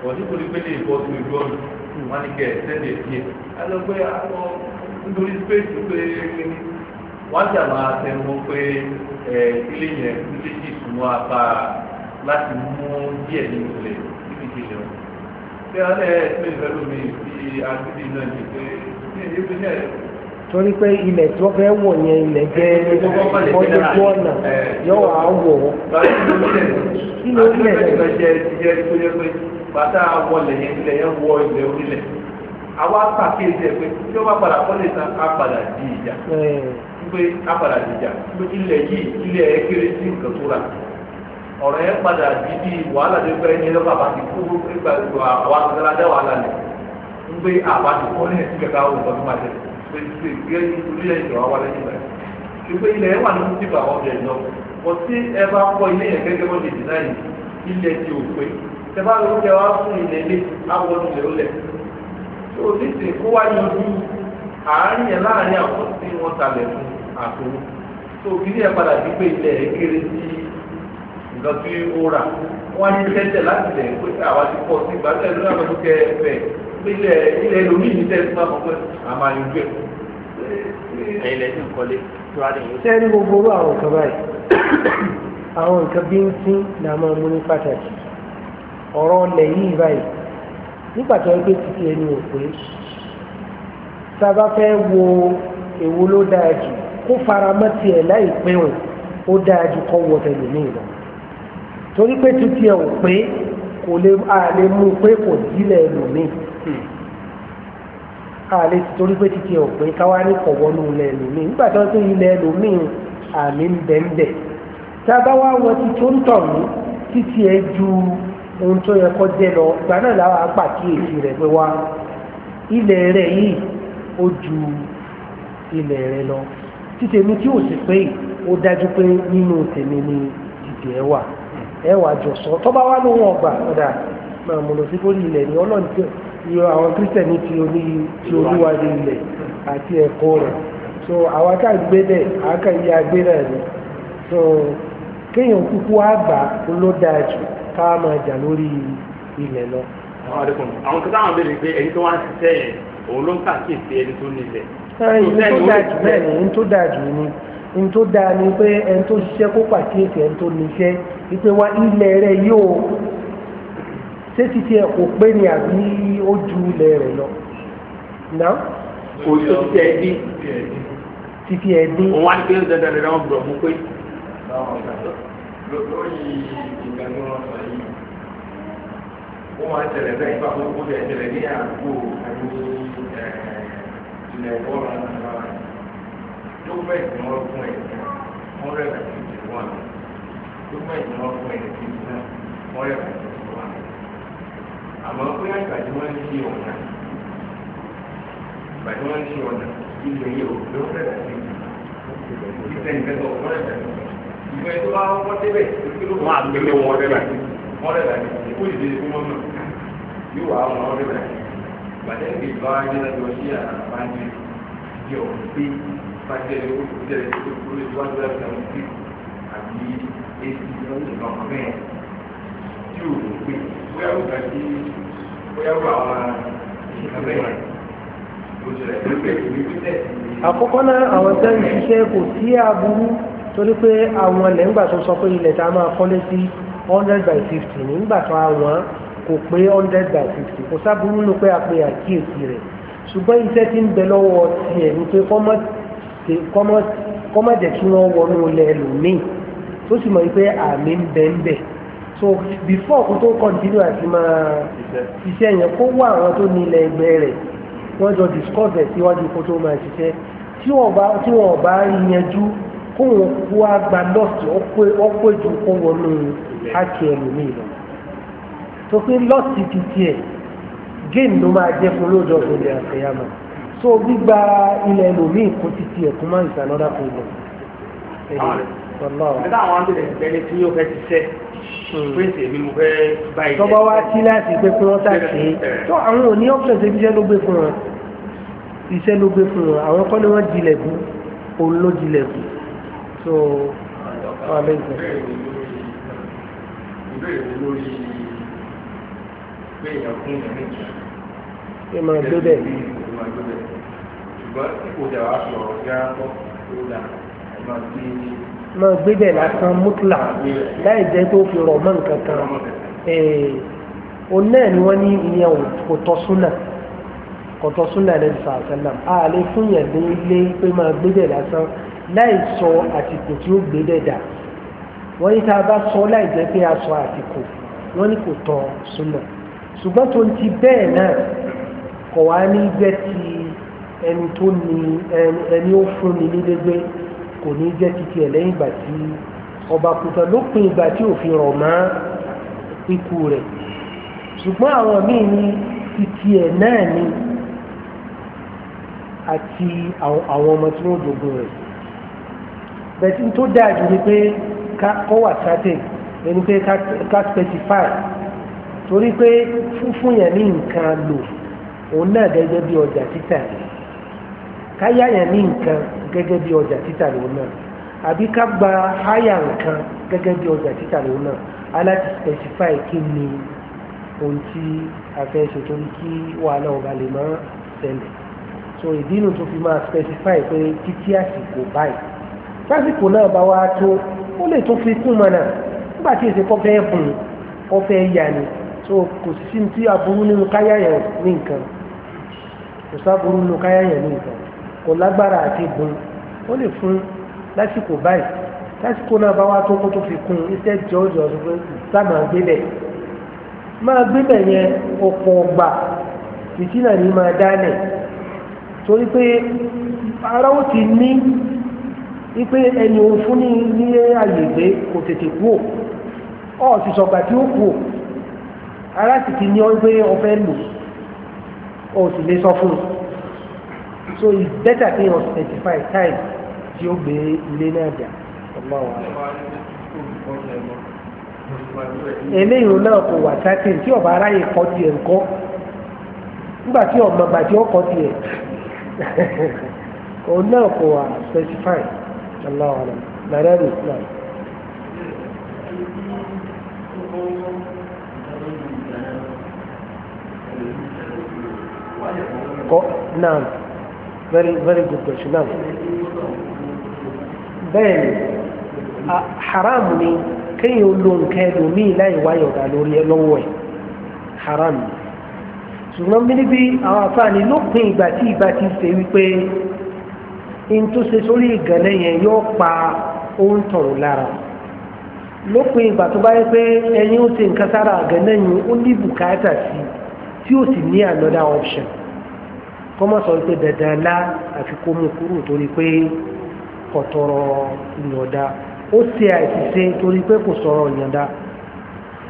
wọ́n ní pé lè bọ́ sí ojú ọ̀nà wọn ni kẹ̀ ẹ́ sẹ́lẹ̀ díẹ̀ alọ́gbẹ́ àwọn nítorí space pé wọ́n jà máa tẹnu pé ilé yẹn ilé tí ìsúnmọ́ apá láti mú díẹ̀ nínú ilẹ̀ níbi ìjìnlẹ̀ wọn. ṣé wọn lẹ́ẹ̀ ẹ̀sìn ìfẹ́lú mi sí agbègbè náà ní pé ní ebi náà. torí pé ilẹ̀ tí wọ́n fẹ́ wọ̀ yẹn ilẹ̀ jẹ́ ọdún ọ̀nà yóò wá wọ̀ ọ́. kí ló ń lẹ̀ lẹ̀ jẹ́ ti jẹ́ tó yẹ pé bàtà wọlé yẹn ilẹ̀ yẹn wọ ilẹ̀ onílẹ̀ àwa pàkíyèsí ẹ̀ pé tí wọ́n bá padà kọ́lé tán á padà di ìjà. pé abàrà jíjà ilẹ̀ yìí ilẹ̀ ẹ̀ kéré sí nǹkan tó rà ọ̀rọ̀ yẹn padà di bí wàhálà tó fẹ́ yẹn lọ́ba àti kó gbà gbà àwọn akẹ́kọ̀ọ́ adá wàhálà lẹ̀ ń pé àbájọ kọ́ ní ẹ̀sìn kẹta máa tẹ̀ pé ṣe ìjọba wà lẹ́yìn ilẹ̀ yẹn wà ní lọ kò sí ẹ bá kọ́ ilé yẹn gẹ́gẹ́ bọ́ yìí ilẹ̀ ti ò pé ṣe bá lóun wá fún àtòwò tó kìíní ẹ̀ padà gbígbé ilẹ̀ kéré sí nǹkan tí ó rà wọ́n ní tẹ́tẹ̀ láti lẹ̀ pé àwa ti pọ̀ sí ìgbà tẹ̀lé náà lọ́dún kẹ fẹ̀ ilẹ̀ ilẹ̀ lómi ní tẹ́tẹ̀ máa mọ̀ pé àmà ìgbẹ́. ẹ̀yìnlẹ̀ ti ń kọ́lé tó a lè yọ. sẹ́ni gbogbo owó àwọn nǹkan báyìí àwọn nǹkan bí ń máa mú ní pàtàkì ọ̀rọ̀ yìí báyìí nígbà kó fara mọ́ tiẹ̀ láì pé wọn ó dáa ju kọ́ wọ tẹlẹmíì lọ torí pé títí ẹ̀ ò pé kò lè àlè mú pé kò dílẹ̀ ẹlòmíì àlè torí pé títí ẹ̀ ò pé káwá ní kọ̀ wọnú ilẹ̀ ẹlòmíì nígbà tó ń pè ilẹ̀ ẹlòmíì àmì ń bẹ̀ ń bẹ̀ tí a bá wá wọ ti tó ń tọ̀ mí títí ẹ̀ ju ohun tó yẹ kọ́ jẹ́ lọ ìgbà náà làwọn apàkíyèsí rẹ̀ pé wá ilẹ̀ rẹ̀ yìí ó ju ilẹ̀ rẹ̀ lọ títẹ̀ mi tí ò sì pé ó dájú pé nínú tèmi ni títẹ̀ ẹ wà ẹ wà jọ sọ tó bá wà lóhun ọgbà ọ̀dà máa mọ̀ lọ sí kórì ilẹ̀ ní ọlọ́run tí yọ àwọn kírísítẹ̀nì tí ó ní tí olúwa ní ilẹ̀ àti ẹ̀kọ́ rẹ̀ so àwọn aká gbé bẹ́ẹ̀ àwọn aká yí agbé rẹ̀ ni so kéèyàn kúkú àgbà ló dáa jù ká máa jà lórí ilẹ̀ lọ. àwọn kan táwọn béèrè pé ẹni tó wá ń ṣiṣẹ́ yẹn òun ló ń kàkíyèsí ẹni tó nílẹ̀ bẹ́ẹ̀ni n tó dáa jù ni n tó dáa ni pé ẹni tó ṣiṣẹ́ kó pàkíyèsí ẹni tó níṣẹ́ wípé wá ilẹ̀ rẹ yóò ṣé títí ẹ kò pé ni àbí ó ju ilẹ̀ rẹ lọ náà kò tó títí ẹ dín títí ẹ dín. òun wá ní pé dandan dandan wọn mú pé. lórí ìgbàgbọ́ wọn yìí wọ́n máa ń tẹ̀lé bẹ́ẹ̀ nípa kókó tẹ̀lé ní àgbo àti ẹ̀ẹ́ ilẹ̀ bọ́ọ̀lù nípa rẹ̀ tó bẹ́ẹ̀ tí wọ́n fún ẹ̀ wọ́n rẹ̀ kà sí ti wà tó bẹ́ẹ̀ tí wọ́n fún ẹ̀ ti wọ́n rẹ̀ kà sí ti wà. àmọ́ pé àgbà tí wọ́n ń ọ̀nà àgbà tí wọ́n ń ọ̀nà ilẹ̀ yìí ò ló rẹ̀ kà sí ti ìfẹ́ ìfẹ́ tó wọ́n rẹ̀ kà sí ti ìfẹ́ tó bá wọ́n débẹ̀ wọ́n wọn débẹ̀ wọ́n rẹ̀ kà sí ti kó ìdílé pàtẹ́kì bá wá jẹ́ lọ́dọ̀ sí àpájẹ yọ pé pàtẹ́ owó tó jẹ́ lọ́dọ̀ tó lè wá jẹ́ lọ́dọ̀ sí àbí èsì lọ́dọ̀ lọ́kọ̀ bẹ́ẹ̀ tí ò rò pé bóyá ó gbà sí bóyá ó àwọn ìṣẹ̀lẹ̀ bẹ́ẹ̀ àkọ́kọ́ náà àwọn tẹ́ ń ṣiṣẹ́ kò sí àbúrú torí pé àwọn ilẹ̀ ńgbà tó sọ pé ilẹ̀ tá a máa kọ́lé sí hundred by fifty nígbà tó àwọn kò pé hundred by fifty kò sábúrú ló pé àpè àkíyèsí rẹ̀ ṣùgbọ́n iṣẹ́ tí ń bẹ lọ́wọ́ tiẹ̀ ni pé kọ́mọ̀ jẹ́ kí wọ́n wọnú ilẹ̀ ẹlòmíì tó sì mọ̀ pé àmì ń bẹ ń bẹ so before kó tó continue àti máa ṣiṣẹ́ yẹn kó wá àwọn tó ní ilẹ̀ ẹgbẹ́ rẹ̀ wọ́n jọ discuss ẹ̀ síwájú kó tó máa ṣiṣẹ́ tí wọ́n bá yanjú kóun kó àgbà lọ́ọ̀tì ọ̀pẹ́ ju kó wọnú àti ẹlòmíì lọ tó pé lọ́ọ̀tì ti tiẹ̀ géèmù ló máa jẹ́ fún lóòjọ́ ìpínlẹ̀ àkẹyàmọ̀ so gbígba ilẹ̀ ẹlòmíì kò ti tiẹ̀ kó máa ń sàn lọ́dà fún ilẹ̀. nígbà àwọn àti ẹni tí yóò fẹ́ ti sẹ́ hmm. pèsè mi mo fẹ́ bá ilẹ̀. tọ́gbà wá sí láti pé kí wọ́n ṣàṣe tó àwọn òní options ibi iṣẹ́ ló gbé fún wọn iṣẹ́ ló gbé fún wọn àwọn kọ́ ni wọ́n jilẹ̀ bú òun ló jilẹ̀ bú so wọ́n á lè sọ. ìbéèrè mi lórí pé èèyàn fún èèyàn méjì. ṣé máa tó bẹ́ẹ̀. ṣùgbọ́n tí kò dẹ̀ wá sọ̀rọ̀ bí a kọ́ tó dà ẹ̀ máa gbé ní. máa gbé bẹ́ẹ̀ lásán mútìlà láì jẹ́ tó fi rọ̀ mọ́ nǹkan kan òun náà ni wọ́n ní ìyẹn kò tọ́ súnà kò tọ́ súnà lẹ́yìn sàásẹ́lá àlè fún yẹn ní ilé pé máa gbé bẹ́ẹ̀ lásán láì sọ àtìkù tí ó gbé dẹ̀dà wọ́n ní tá a bá sọ láì jẹ́ pé a sọ àtìkù wọ́n ní kò tọ́ súnà ṣùgbọ́n tó ti bẹ́ẹ̀ náà kọ̀ wá ní jẹ́ ti ẹni tó ní ẹni ó fún ni nílégbé kò ní jẹ́ ti tiẹ̀ lẹ́yìn ìgbà tí ọba kùtà lópin ìgbà tí òfin rọ̀ mọ́ ikú rẹ̀ ṣùgbọ́n àwọn míì ní ti tiẹ̀ náà ni àti àwọn ọmọ tí wọ́n dogun rẹ̀ bẹ̀tí tó dáa jù ni pé kọ́ wà sátẹ̀ ẹni pé ká specify torí pé fúnfún yẹn ní nǹkan lò òun náà gẹ́gẹ́ bí ọjà títà ni káyà yẹn ní nǹkan gẹ́gẹ́ bí ọjà títà lòun náà àbí ká gba háyà nǹkan gẹ́gẹ́ bí ọjà títà lòun náà aláti specify kí ni ohun tí a fẹ́ ṣe torí kí wàhálà ọba lè má ṣẹlẹ̀ so ìdínú tó fi máa specify pé títí àsìkò báyìí lásìkò náà bá wá tó ó lè tún fi kún mọ́nà nígbà tí èsì kọ́ fẹ́ bùn kọ́ fẹ́ yá ni so kò sí tí aburú nínú káyà yẹn ní nǹkan kò sáburú nínú káyà yẹn ní nǹkan kò lágbára àti gun ó lè fún lásìkò báyìí lásìkò náà bá wá tó kó tó fi kún iṣẹ́ jọjọ pé sábà gbébẹ̀ máa gbébẹ̀ yẹn ọ̀pọ̀ ọgbà fìtínà ní máa dálẹ̀ torí pé ara ó ti ní wípé ẹni òun fún ní ní gbé kò tètè kú ọ̀ sì sọ̀gbà tí ó kú ò aláṣìkí ní ọ́n pé ọfẹ́ lò ó sì lè sọ fún un so it's better pay us thirty five times tí ó gbé ilé náà jà ọgbà wa. eléyìí náà kò wà sátìn tí ọba aráyè kọ́ tiẹ̀ ńkọ́ nígbà tí ọmọ bàtí ó kọ́ tiẹ̀ òun náà kò wà specify. Allah alam. Nàrẹ́rù náà. ẹ̀kọ́ náà very very good question náà bẹ́ẹ̀ ni haram ni kéèyàn ló ń kẹ́ẹ̀dùn míì láì wáyé ọ̀dà lórí ẹ lọ́wọ́ ẹ̀ haram ni ṣùgbọ́n bí níbi àwọn àfáàní lópin ìgbà tí ìgbà ti ṣe wípé in tó ṣe sórí ìgànlẹ̀ yẹn yóò pa ohun tọ̀rọ̀ lára lópin ìgbà tó bá yẹ pé ẹyin ó ṣe nǹkan sára àgànlẹ̀ yìí ó ní bùkátà sí tí ó sì ní another option kọ́mọ̀ sọ pé dandan lá àfi kó mú kúrò torí pé kọ̀tọ̀rọ̀ ìyọ̀dá ó ṣe àìsíṣe torí pé kò sọ̀rọ̀ ìyọ̀dá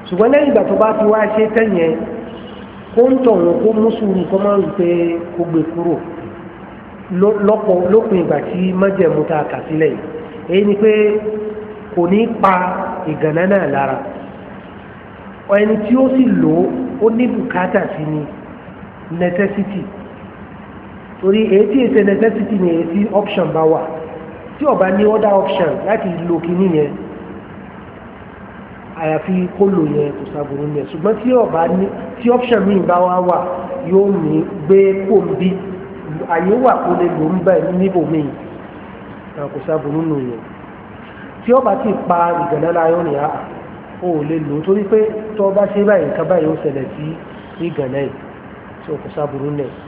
ṣùgbọ́n lẹ́yìn ìgbà tó bá fi wá ṣe tẹ̀yẹn kó ń tọ̀hún kó mú sùúrù kó má rí pé kó gbé kúrò lọ́pọ̀ lópin ìgbà tí májẹ̀mú tá kà sílẹ̀ yìí èyí ni pé kò ní pa ìgànnà náà lára ẹni tí ó sì lò ó ní bùkátà sí ni necessity torí èyí tí èsè necessity ni èyí tí option bá wà tí ó ní other option láti lo kíní yẹn àyàfi kó lò yẹn kò sàbùrù yẹn ṣùgbọ́n tí ó bá ní tí option míì bá wá wà yóò ní gbé pòǹbí àyè wà kó lè lò ń bẹ̀ níbò míì kò sàbùrù nù yẹn tí ó bá ti pa ìgbẹ̀lẹ́ láyọ̀ ní àá ah, o ò lè lò ó torí pé tó bá ṣe báyìí nǹkan báyìí ó ṣẹlẹ̀ sí ìgànnà yìí tí ó kò sàbùrù yẹn.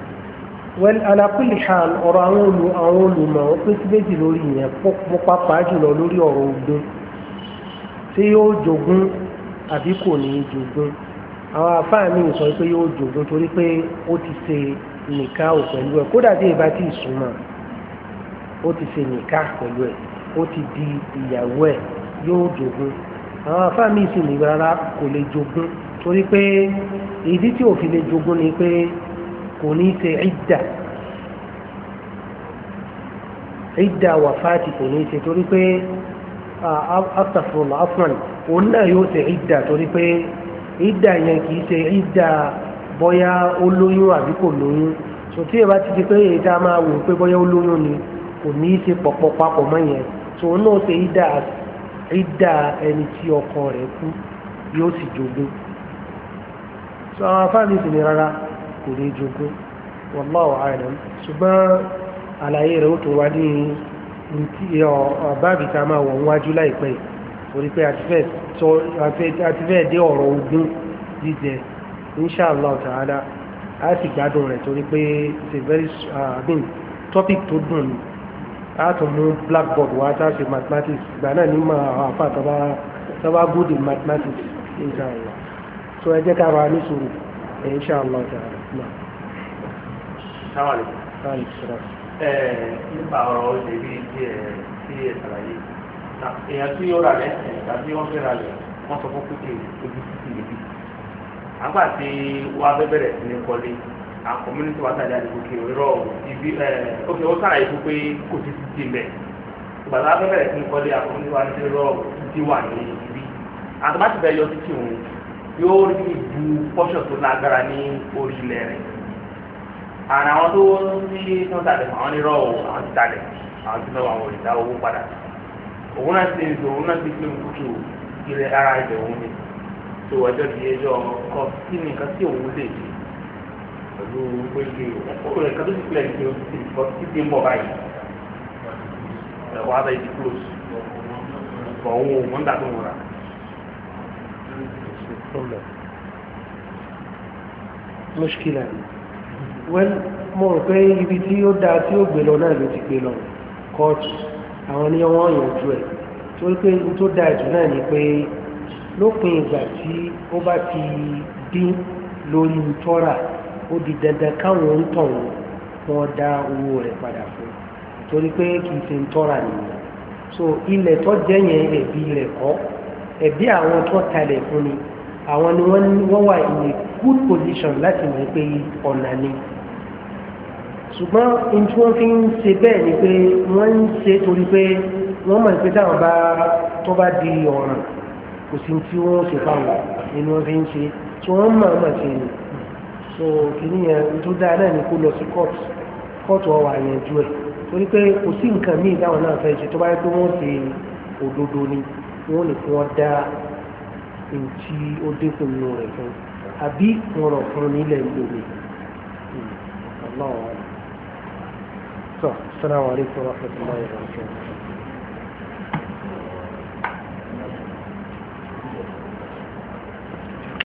wẹ́n alákùlì hàn ọ̀rọ̀ àwọn olù àwọn olùmọ̀ ó pín sí méjì lórí yẹn mo pàápàá jùlọ lórí ọ̀rọ̀ ogún tí yóò jogún àbí kò ní í jogún àwọn afáà mi sọ pé yóò jogún torí pé ó ti ṣe nìka ò pẹ̀lú ẹ̀ kódà bí ìbá tí ì súnmọ́ ó ti ṣe nìka pẹ̀lú ẹ̀ ó ti di ìyàwó ẹ̀ yóò jogún àwọn afáà mi sì ní kò lè jogún torí pé ìdí tí ò lè jogún ni pé. kò ní ṣe ìdà ìdà wàfáàtì kò ní ṣe torí pé aftafunla afran òun náà yóò ṣe ìdà torí pé ìdà yẹn kì í ṣe bọ́yá àbí lóyún so tí ẹ ti di pé èyí tá a máa wò pé bọ́yá ó ni kò ní í ṣe pọ̀pọ̀ papọ̀ mọ́ yẹn so òun náà ṣe ìdà ìdà ẹni tí ọkọ rẹ̀ kú yóò sì so àwọn sì ni rárá. kò ní jogún wallahu a'lam ṣùgbọ́n àlàyé rẹ̀ ó tó wá ní ntí báàbí tá a máa wọ̀ níwájú láìpẹ́ torí pé àti fẹ́ dé ọ̀rọ̀ ogún jíjẹ inshallah ta'ala a sì gbádùn rẹ̀ torí pé it's a very uh, mean, topic tó dùn ni a tún mú blackboard wá tá a ṣe mathematics ìgbà náà ní ma àfa tó bá good in mathematics inshallah so ẹ jẹ́ ká ra ní sùúrù insha allah ta'ala na sáwàlì sáwàlì sọ̀rọ̀ ẹ̀ nípa ọ̀rọ̀ oṣù bíi tí ẹ̀ tí ẹ̀ sàlàyé èèyàn tí yóò rà lẹ̀ tàbí wọ́n fẹ́ rà lẹ̀ wọ́n sọ fún kúkè ojú títì níbí àgbà tí wọ́n abẹ́bẹ̀rẹ̀ sí ní kọ́lé a community wa tàbí àdìgòkè rọ ibi ẹ̀ ókè ó sàlàyé fún pé kò sí títì mẹ́ gbàdá abẹ́bẹ̀rẹ̀ sí ní kọ́lé a community wa ti rọ títì wà ní ibi àtàbátì bẹ́ẹ̀ yọ títì òun yóò rí ju pọ́ṣọ̀ tó lágbára ní orí ilẹ̀ rẹ̀ àná àwọn tó ní tó ń talẹ̀ àwọn nírọ̀ o àwọn ti talẹ̀ àwọn ti lọ́wọ́ àwọn òrìṣà owó padà òun náà ti sọ òun náà ti pé nkútu ilẹ̀ ara ilẹ̀ òun ni tó ọjọ́ di ẹjọ́ kọ kí ni nǹkan tí òun lè ṣe pẹ̀lú péye òun nǹkan tó ti pẹ̀lẹ́ ní o ti kọ́ títí ń bọ̀ báyìí ẹ̀wọ̀n abẹ́ ti kúrò sí ọ̀hún òun ń dàgbọ̀n problem mushkila ni wẹ́n mo rò pé ibi tí ó dáa tí ó gbé lọ náà ló ti gbé lọ kóòtù àwọn ni wọ́n yànjú ẹ̀ torí pé n tó dáa jù náà ni pé lópin ìgbà tí ó bá ti dín lórí tọ́ra ó di dandan káwọn ń tọ̀ wọ́n dá owó rẹ̀ padà fún torí pé kì í ṣe ń tọ́ra nìyẹn so ilẹ̀ tó jẹ́ yẹn ẹ̀bi rẹ̀ kọ́ ẹ̀bi àwọn tó talẹ̀ fún ni àwọn ni wọ́n wà in good position láti mọ̀ pé ọ̀nà ni ṣùgbọ́n in tí wọ́n fi ń ṣe bẹ́ẹ̀ ni pé wọ́n ń ṣe torí pé wọ́n mọ̀ pé táwọn bá tó bá di ọ̀ràn kò sí tí wọ́n ṣe fáwọn nínú wọ́n fi ń ṣe tí wọ́n mọ̀ mọ̀ ṣe ni so kìíní yẹn tó dáa náà ni kó lọ sí court court ọ̀wà yẹn ju ẹ̀ torí pé kò sí nǹkan míì táwọn náà fẹ́ ṣe tó bá yẹ pé wọ́n ṣe òdodo ni wọ́n lè fún wọn dáa ntí ó dínkù nínú rẹ̀ fún àbí ọ̀rọ̀ kan nílẹ̀ lómi. الله أعلم. السلام عليكم ورحمة الله وبركاته